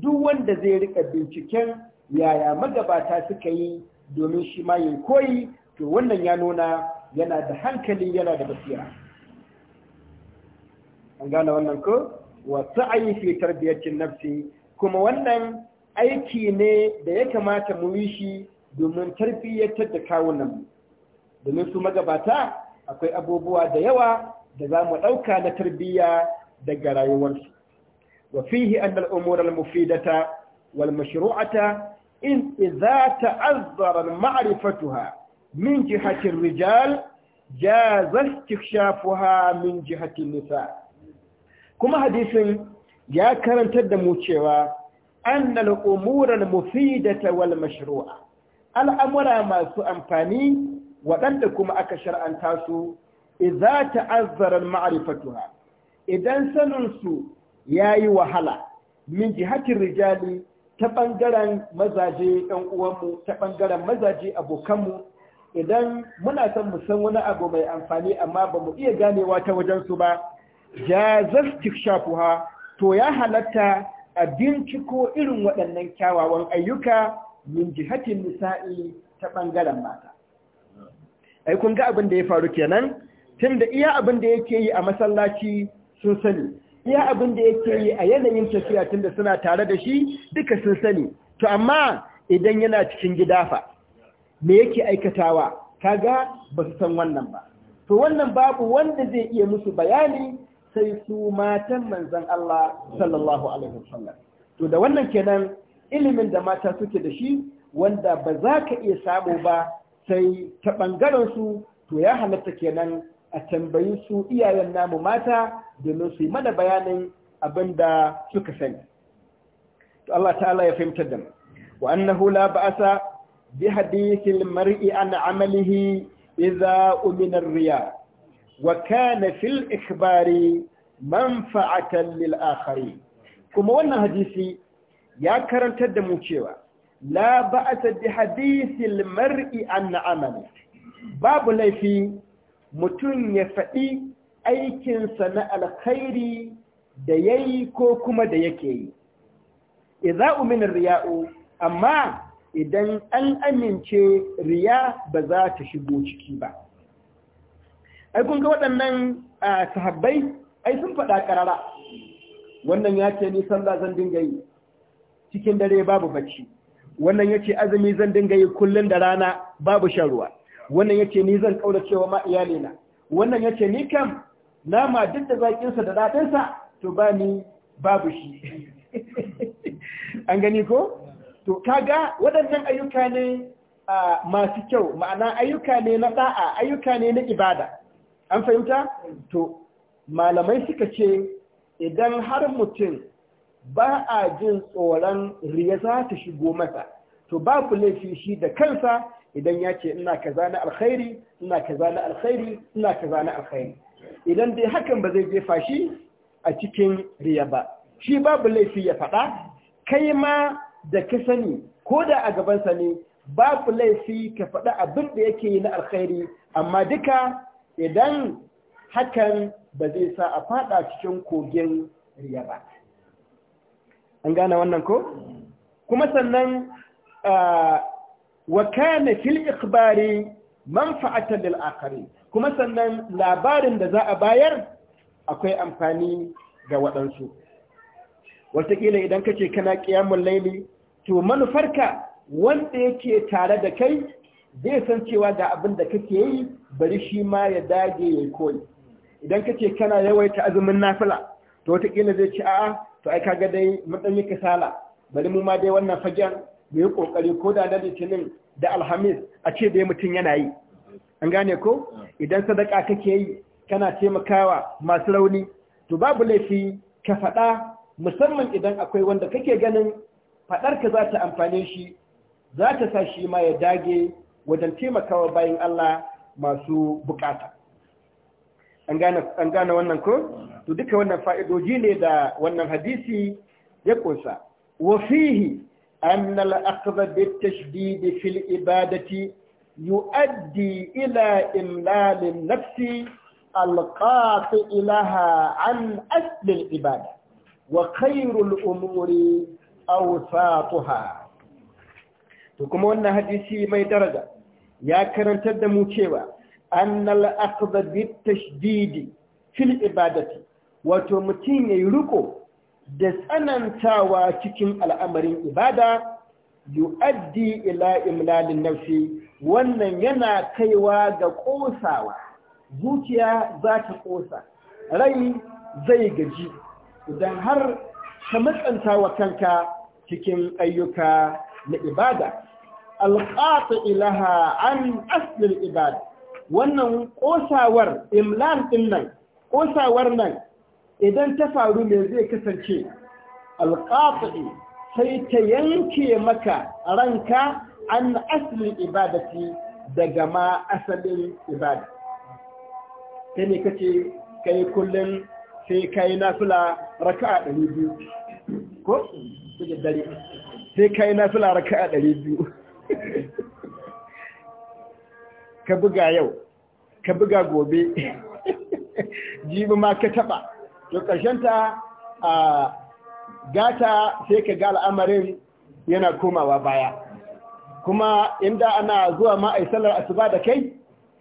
[SPEAKER 1] duk wanda zai rika binciken yaya magabata suka yi domin shi ma yayi koyi to wannan ya nuna yana da hankali yana da basira an gane wannan ko wa sa'ayi fi tarbiyatin nafsi kuma wannan aiki ne da ya kamata mu yi shi domin tarbiyyatar da kawunan mu domin su magabata akwai abubuwa da yawa da za mu ɗauka na tarbiyya daga rayuwarsu wa fihi annal umur al mufidata wal mashru'ata إن إذا تعذر معرفتها من جهة الرجال جاز استكشافها من جهة النساء كما حديث يا كرن تدمو تشوا أن الأمور المفيدة والمشروعة الأمر ما سوء أمفاني وأنكم أكشر أن تاسو إذا تعذر معرفتها إذا سننسو يا وهلا من جهة الرجال ta ɓangaren mazaje ɗan uwanmu ta ɓangaren mazaje abokanmu idan muna son mu san wani abu mai amfani amma ba mu iya ganewa ta wajensu ba jazas shafuha to ya halatta a binciko irin waɗannan kyawawan ayyuka min jihatin nisa'i ta ɓangaren mata ai kun ga abin da ya faru kenan tun da iya abin da yake yi a masallaci sun sani iya abin da yake yi a yanayin tafiya tun da suna tare da shi duka sun sani to amma idan yana cikin gida fa me yake aikatawa kaga ba su san wannan ba to wannan babu wanda zai iya musu bayani sai su matan manzon Allah sallallahu alaihi wasallam to da wannan kenan ilimin da mata suke da shi wanda ba za ka iya samu ba sai ta bangaren su to ya halatta kenan a tambayi su iyayen namu mata domin su yi mana bayanin abin da suka sani to Allah ta'ala ya fahimtar da mu wa annahu la ba'asa bi hadithil mar'i an amalihi idza umina riya wa kana fil ikhbari manfa'atan lil akharin kuma wannan hadisi ya karantar da mu cewa la ba'asa bi hadithil mar'i an amali babu laifi mutum ya faɗi aikinsa na alkhairi da ya yi ko kuma da yake yi. Iza uminin riya'u, amma idan an amince riya ba za ta shigo ciki ba. Ai, kun ga waɗannan sahabbai, ai sun faɗa ƙarara. Wannan ya ce ni sallah zan dinga yi cikin dare babu bacci. Wannan ya ce azumi zan dinga yi kullum da rana babu shan ruwa. wannan yace ni zan kaura cewa ma iyalina wannan yace ni kam nama duk da zakin da dadin sa to ba ni babu shi <laughs> an gani ko to kaga waɗannan ayyuka ne masu kyau ma'ana ayyuka ne na da'a ayyuka ne na ibada an fahimta to malamai suka ce idan har mutum ba a jin tsoron riya za ta shigo masa to babu laifi shi da kansa idan ya ce ina kaza na alkhairi ina kaza na alkhairi ina kaza na alkhairi idan dai hakan ba zai jefa shi a cikin riya ba shi babu laifi ya faɗa kai ma da ka sani ko da a gabansa ne babu laifi ka faɗa abin da yake yi na alkhairi amma duka idan hakan ba zai sa a faɗa cikin kogin riya ba an gane wannan ko kuma sannan ah, wa kana fil ikhbari manfa'atan lil akharin kuma sannan labarin da za a bayar akwai amfani ga waɗansu wataƙila idan kace kana qiyamul laili to manufarka wanda yake tare da kai zai san cewa ga abin da kake yi bari shi ma ya dage ya koyi idan kace kana yawaita azumin nafila to wataƙila zai ci a'a to ai kaga dai mun dan yi kasala bari mu ma dai wannan fagen mu yi kokari ko da na litinin da alhamis a ce dai mutum yana yi an gane ko idan sadaka kake yi kana taimakawa masu rauni to babu laifi ka faɗa musamman idan akwai wanda kake ganin faɗarka za ta amfane shi za ta sa shi ma ya dage wajen taimakawa bayan Allah masu bukata an gane wannan ko to duka wannan fa'idoji ne da wannan hadisi ya ƙunsa wa fihi أن الأخذ بالتشديد في الإبادة يؤدي إلى إملال النفس القاطع لها عن أصل العبادة وخير الأمور أوساطها تكم أن هديسي ما درجة يا كرن تدمو تيوى أن الأخذ بالتشديد في العبادة وتمتين يلقوا da tsanantawa cikin al'amarin ibada yu'addi ila imlalin nafsi wannan yana kaiwa ga ƙosawa zuciya za ta ƙosa rai zai gaji idan har ka matsantawa kanka cikin ayyuka na ibada alƙata ilaha an aslin ibada wannan ƙosawar imlalin nan ƙosawar nan idan ta faru me zai kasance alƙafi sai ta yanke maka ranka an asalin ibadati daga ma asalin ibada ta ne ka yi kullum sai ka yi nasula raka a ɗari biyu ko kuje dare sai nasula raka a ɗari biyu <laughs> ka buga yau ka buga gobe <laughs> jibi ma ka taɓa to ƙarshenta a gata sai ka ga al'amarin yana komawa baya kuma inda ana zuwa ma a yi sallar asuba da kai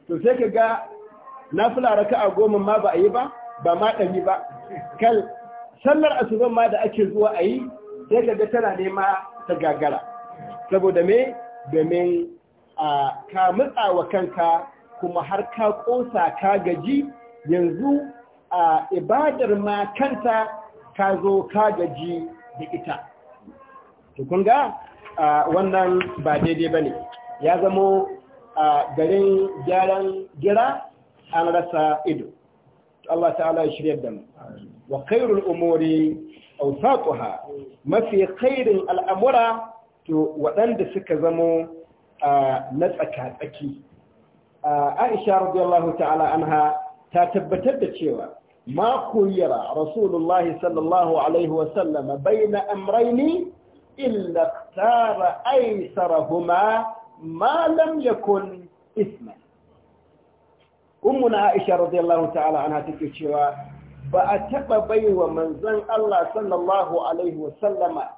[SPEAKER 1] to sai ka ga na fulara ka a goma ma ba a yi ba ba ma ɗanyi ba kal sallar asuban ma da ake zuwa a yi sai ka ga tana nema ta gagara saboda me domin a ka mutsa wa kanka kuma har ka ƙosa ka gaji yanzu a ibadar ma kanta ka zo ka gaji da ita Tukun ga wannan ba daidai ba ne ya zamo a garin gyaran gira an rasa ido Allah ta'ala ya shirya da mu wa khairul umuri awsatuha mafi kairin al'amura to waɗanda suka zamo na tsaka-tsaki Aisha radiyallahu ta'ala anha ta tabbatar da cewa ma kuyira rasulullahi sallallahu alaihi wasallama bayna amrayni illa tara aisarahuma ma lam yakun isman ummuna aisha radiyallahu ta'ala anha take cewa ba a taba baiwa manzon Allah sallallahu alaihi wasallama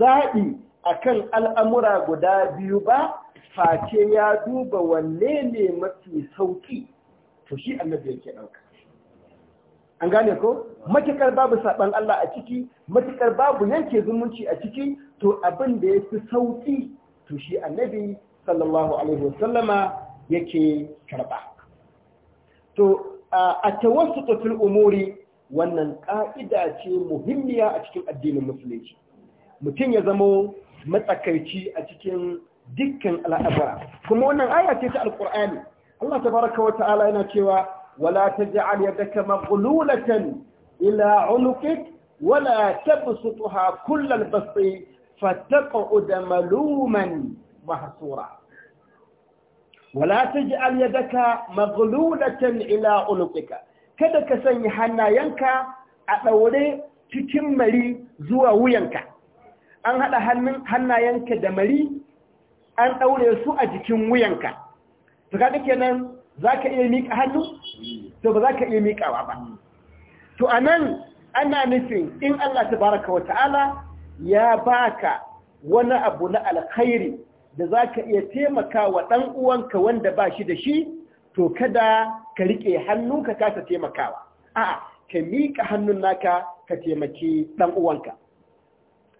[SPEAKER 1] zabi akan al'amura guda biyu ba face ya duba wanne ne mafi sauki to shi annabi yake dauka an gane ko matukar babu saɓan Allah a ciki matukar babu yanke zumunci a ciki to abin da ya fi sauƙi to shi annabi sallallahu alaihi wasallama yake karɓa to a tawassutu fil umuri wannan ƙa'ida ce muhimmiya a cikin addinin musulunci mutum ya zama matsakaici a cikin dukkan al'abara kuma wannan aya ce ta alqur'ani Allah ta baraka wa ta'ala yana cewa wala ta taj'al yadaka maghlulatan ila 'unuqik wala tabsutha kullal basti فتقعد wala ta ولا تجعل يدك مغلولة ila عنقك kada ka sanya hannayenka a ɗaure cikin mari zuwa wuyanka an haɗa hannayenka da mari an ɗaure su a jikin wuyanka to nan, za ka iya miƙa hannu to ba za ka iya miƙawa ba to a nan, ana nufin in Allah Ta baraka wa ta'ala ya baka wani abu na alkhairi da za ka iya taimakawa ɗan uwanka wanda ba shi da shi to kada ka riƙe hannu ka kasa taimakawa a'a ka miƙa hannun naka ka taimaki ɗan uwanka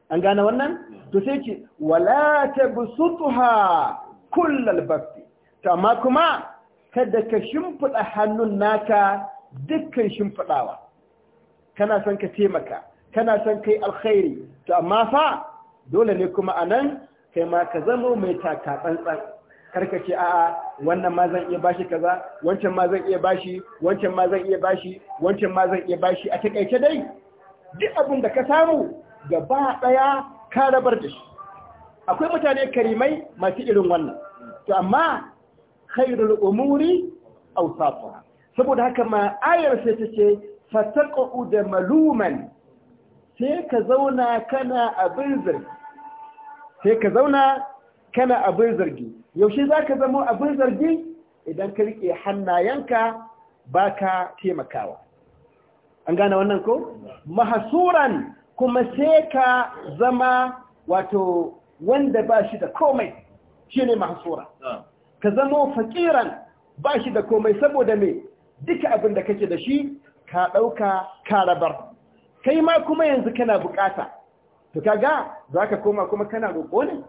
[SPEAKER 1] an gane wannan to sai ce wala kullal basti amma kuma kada ka shimfiɗa hannun naka dukkan shimfiɗawa kana son ka taimaka kana son kai alkhairi to amma fa dole ne kuma anan kai ma ka zama mai taka tsantsan karka ce a'a wannan ma zan iya bashi kaza wancan ma zan iya bashi wancan ma zan iya bashi wancan ma zan iya bashi a takaice dai duk abin da ka samu gaba daya ka rabar da shi akwai mutane karimai masu irin wannan to amma khairul umuri awsatuha saboda haka ma ayar sai ta fataqu da maluman sai ka zauna kana abin zargi sai ka zauna kana abin zargi yaushe zaka zama abin zargi idan ka rike hannayenka baka taimakawa an gane wannan ko mahsuran kuma sai ka zama wato wanda ba shi da komai shine mahsura ka zamo fakiran ba shi da komai saboda me duka abin da kake da shi ka ɗauka ka rabar kai ma kuma yanzu kana bukata to kaga za ka koma kuma kana roƙo ne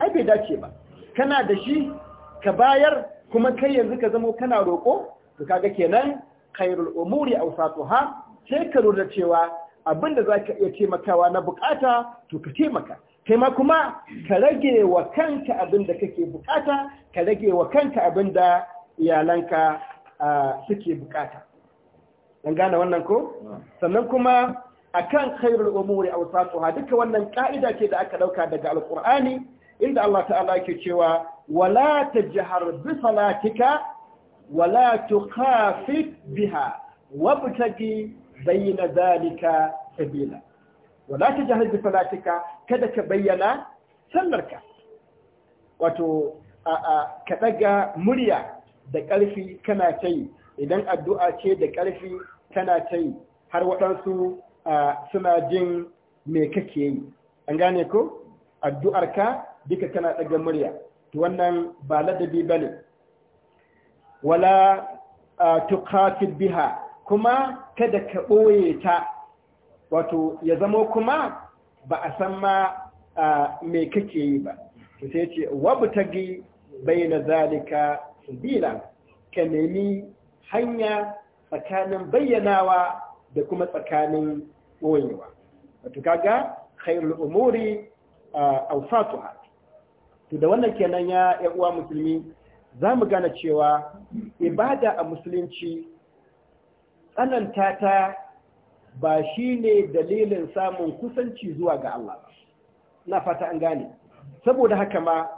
[SPEAKER 1] ai bai dace ba kana da shi ka bayar kuma kai yanzu ka zamo kana roƙo to kaga kenan khairul umuri awsatuha sai ka lura cewa abin da zaka iya taimakawa na bukata to ka taimaka kai ma kuma ka rage wa kanka abin da kake bukata ka rage wa kanka abin da iyalanka suke bukata dan gane wannan ko sannan kuma akan khairul umuri awsatuha duka wannan ka'ida ce da aka dauka daga alkur'ani inda Allah ta'ala ke cewa wala jihar bi salatika wala tukhafit biha wabtagi bayna zalika sabila wala ta jahar bi salatika kada ka bayyana sallarka wato ka ɗaga murya da ƙarfi kana ta yi idan addu'a ce da ƙarfi kana ta yi har waɗansu suna jin me kake yi an gane ko addu'arka duka kana ɗaga murya to wannan ba ladabi ne. wala tuqatil biha kuma kada ka ɓoye ta wato ya zamo kuma ba a san ma me kake yi ba to sai ce wabtagi baina zalika sabila ka nemi hanya tsakanin bayyanawa da kuma tsakanin ɓoyewa wato kaga khairul umuri awsatuha to da wannan kenan ya ya uwa musulmi za mu gane cewa ibada a musulunci tsananta ta ba shi ne dalilin samun kusanci zuwa ga Allah ba na fata an gane saboda haka ma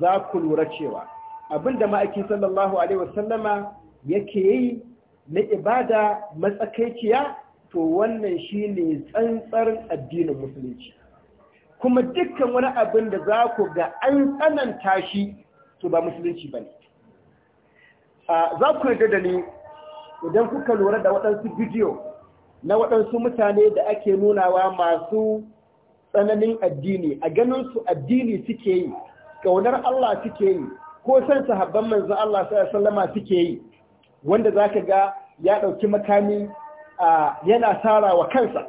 [SPEAKER 1] za ku lura cewa abinda ma'aiki sallallahu alaihi wasallama yake yi na ibada matsakaiciya to wannan shi ne tsantsar addinin musulunci kuma dukkan wani abin da za ku ga an tsananta shi to ba musulunci ba ne za ku yarda da ni idan kuka lura da waɗansu bidiyo na waɗansu mutane da ake nunawa masu tsananin addini a ganinsu addini suke yi ƙaunar Allah suke yi ko san sahabban manzo Allah sallama suke yi wanda zaka ga ya ɗauki makami yana sara wa kansa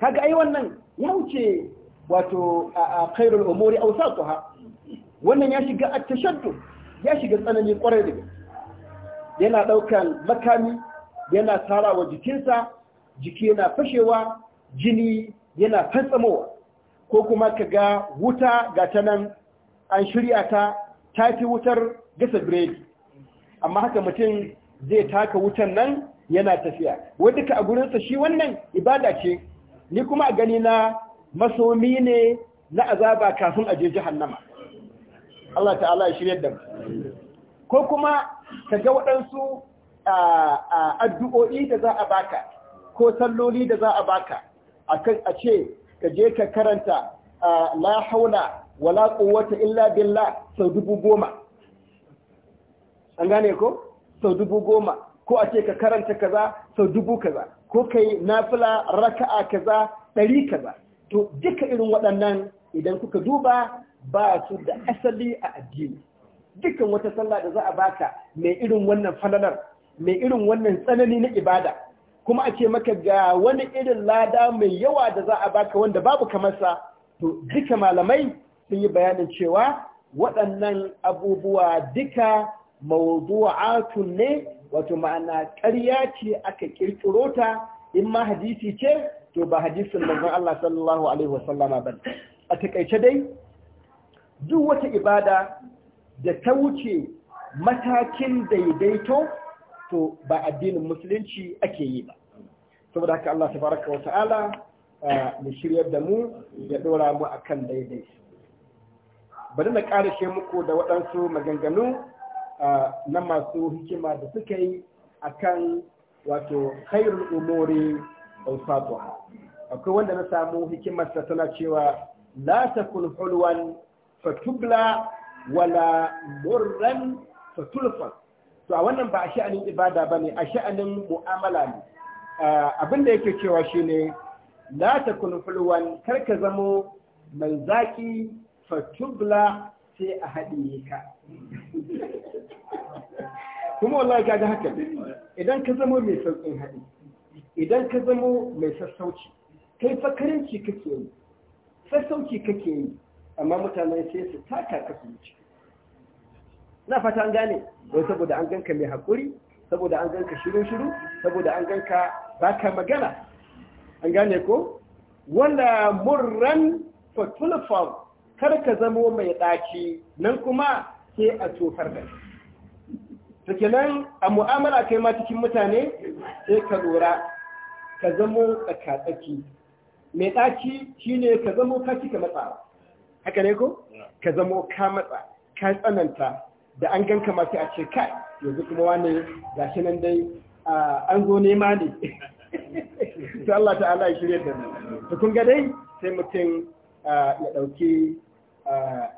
[SPEAKER 1] kaga ai wannan ya wuce wato khairul umuri awsatuha wannan ya shiga at-tashaddud ya shiga tsananin kwarai da yana ɗaukan makami yana tara wa jikinsa jiki yana fashewa jini yana fantsamowa ko kuma ka ga wuta ga ta nan an shirya ta tafi wutar gasa biredi amma haka mutum zai taka wutan nan yana tafiya wadda duka a gurinsa shi wannan ibada ce ni kuma a gani na masomi ne na azaba kafin a je jahannama Allah ta'ala ya shirya da ko kuma ka ga waɗansu addu'o'i da za a baka ko salloli da za a baka kan a ce ka je ka karanta la haula wala quwwata illa billah sau dubu goma an gane ko sau dubu goma ko a ce ka karanta kaza sau dubu kaza ko kai nafila raka'a kaza ɗari kaza to duka irin waɗannan idan kuka duba ba su da asali a addini dukkan wata sallah da za a baka mai irin wannan falalar mai irin wannan tsanani na ibada kuma a ce maka ga wani irin lada mai yawa da za a baka wanda babu kamarsa to duka malamai sun yi bayanin cewa waɗannan abubuwa duka mawdu'atun ne wato ma'ana ƙarya ce aka kirkiro ta in ma hadisi ce to ba hadisin manzon Allah sallallahu alaihi wasallama ba a takaice dai duk wata ibada da ta wuce matakin daidaito to ba addinin musulunci ake yi ba saboda haka Allah tabaraka wa ta'ala eh, ya shiryar da mu ya dora mu akan daidai bari na ƙarashe muku da waɗansu maganganu eh, na masu hikima da suka yi akan wato khairul umuri awsatuha akwai wanda na samu hikimarsa tana cewa la takun hulwan fatubla wala murran fatulfan to a wannan ba a sha'anin ibada ba ne a sha'anin mu'amala ne abin da yake cewa shi ne la takun fulwan kar ka zamo mai zaki fatubla sai a haɗiye ka kuma wallahi ga haka idan ka zamo mai sauƙin haɗi idan ka zamo mai sassauci kai fakaranci kake yi sassauci kake yi amma mutane sai su taka ka su na fata an gane don saboda an ganka mai haƙuri saboda an ganka shiru-shiru saboda an ganka baka magana an gane ko wanda murran fatulfam kar ka zamo mai ɗaci nan kuma sai a tofar da ta kenan a mu'amala kai ma cikin mutane sai ka lura ka zamo tsakatsaki mai ɗaci shine ka zamo ka cika matsa haka ne ko ka zamo ka matsa ka tsananta da an gan kamar sai a ce kai yanzu kuma wani shi nan dai an zo nema ne <laughs> ta Allah ta'ala ya shirya da mu kun ga dai sai mutum ya ɗauki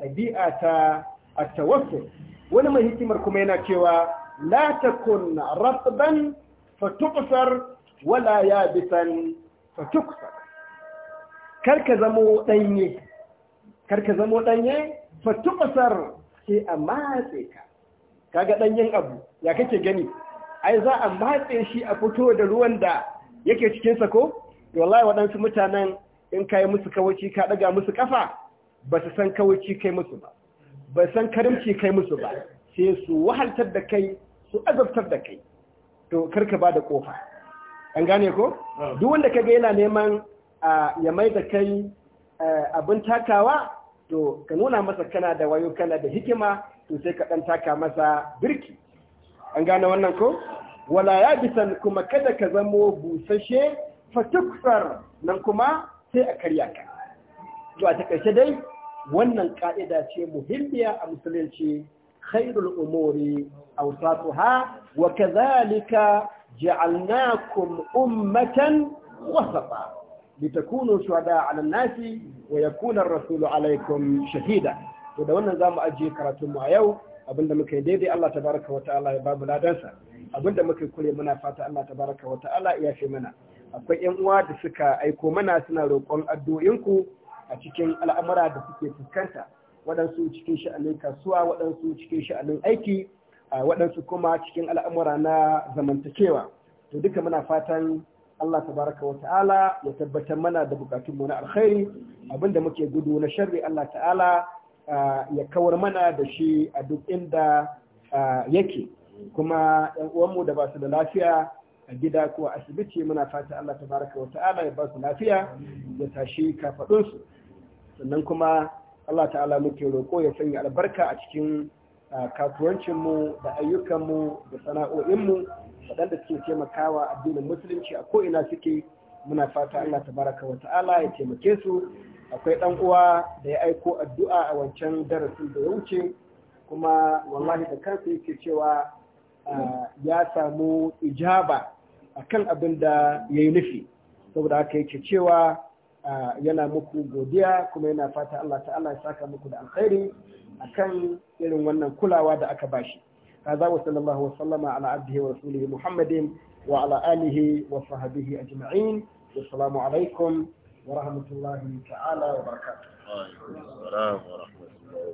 [SPEAKER 1] ɗabi'a ta at wani mai hikimar kuma yana cewa la takun fa tuqsar wala yabisan fatuqsar karka zamo danye karka zamo danye tuqsar sai a matse ka kaga ɗanyen abu ya kake gani ai za a matse shi a fito da ruwan da yake cikinsa ko wallahi waɗansu mutanen in ka yi musu kawaci ka ɗaga musu kafa ba su san kawaci kai musu ba ba san karimci kai musu ba sai su wahaltar da kai su azabtar da kai to karka ba da kofa an gane ko ah. duk wanda ka yana neman ah, ya mai da kai eh, abin takawa to ka nuna masa kana da wayo kana da hikima to sai ka ɗan taka masa birki an gane wannan ko wala ya bisan kuma kada ka zamo busashe fatuksar nan kuma sai a karya ka to a takaice dai wannan ka'ida ce muhimmiya a musulunci khairul umuri awsatuha wa kadhalika ja'alnakum ummatan wasata litakunu shuhada ala nasi wa yakuna rasulu alaikum shahida to da wannan zamu ajiye karatun mu a yau abinda muke daidai Allah tabaraka wa ta'ala ya babu ladansa abinda muke kure muna fata Allah tabaraka wa ta'ala ya fi mana akwai yan uwa da suka aiko mana suna roƙon addu'o'inku a cikin al'amura da suke fuskanta waɗansu cikin sha'anin kasuwa waɗansu cikin sha'anin aiki waɗansu kuma cikin al'amura na zamantakewa to duka muna fatan Allah tabaraka wa ta'ala ya tabbatar mana da bukatun mu na alkhairi abinda muke gudu na sharri Allah ta'ala ya kawar mana da shi a duk inda yake kuma yan uwanmu da basu da lafiya a gida ko a asibiti muna fata Allah tabaraka wa ta'ala ya ba lafiya ya tashi su sannan kuma Allah ta'ala muke roƙo ya sanya albarka a cikin kasuwancin mu da ayyukan ayyukanmu da mu waɗanda suke taimakawa addinin musulunci a ko'ina suke muna fata Allah tabaraka wa ta'ala ya taimake su akwai ɗan uwa da ya aiko addu'a a wancan darasin da ya wuce kuma wallahi da kansa yake cewa ya samu ijaba akan abin da ya yi nufi saboda haka yake cewa yana muku godiya kuma yana fata Allah ta'ala ya saka muku da alkhairi akan irin wannan kulawa da aka bashi. هذا وصلى الله وسلم على عبده ورسوله محمد وعلى آله وصحبه أجمعين والسلام عليكم ورحمة الله تعالى وبركاته. السلام ورحمة الله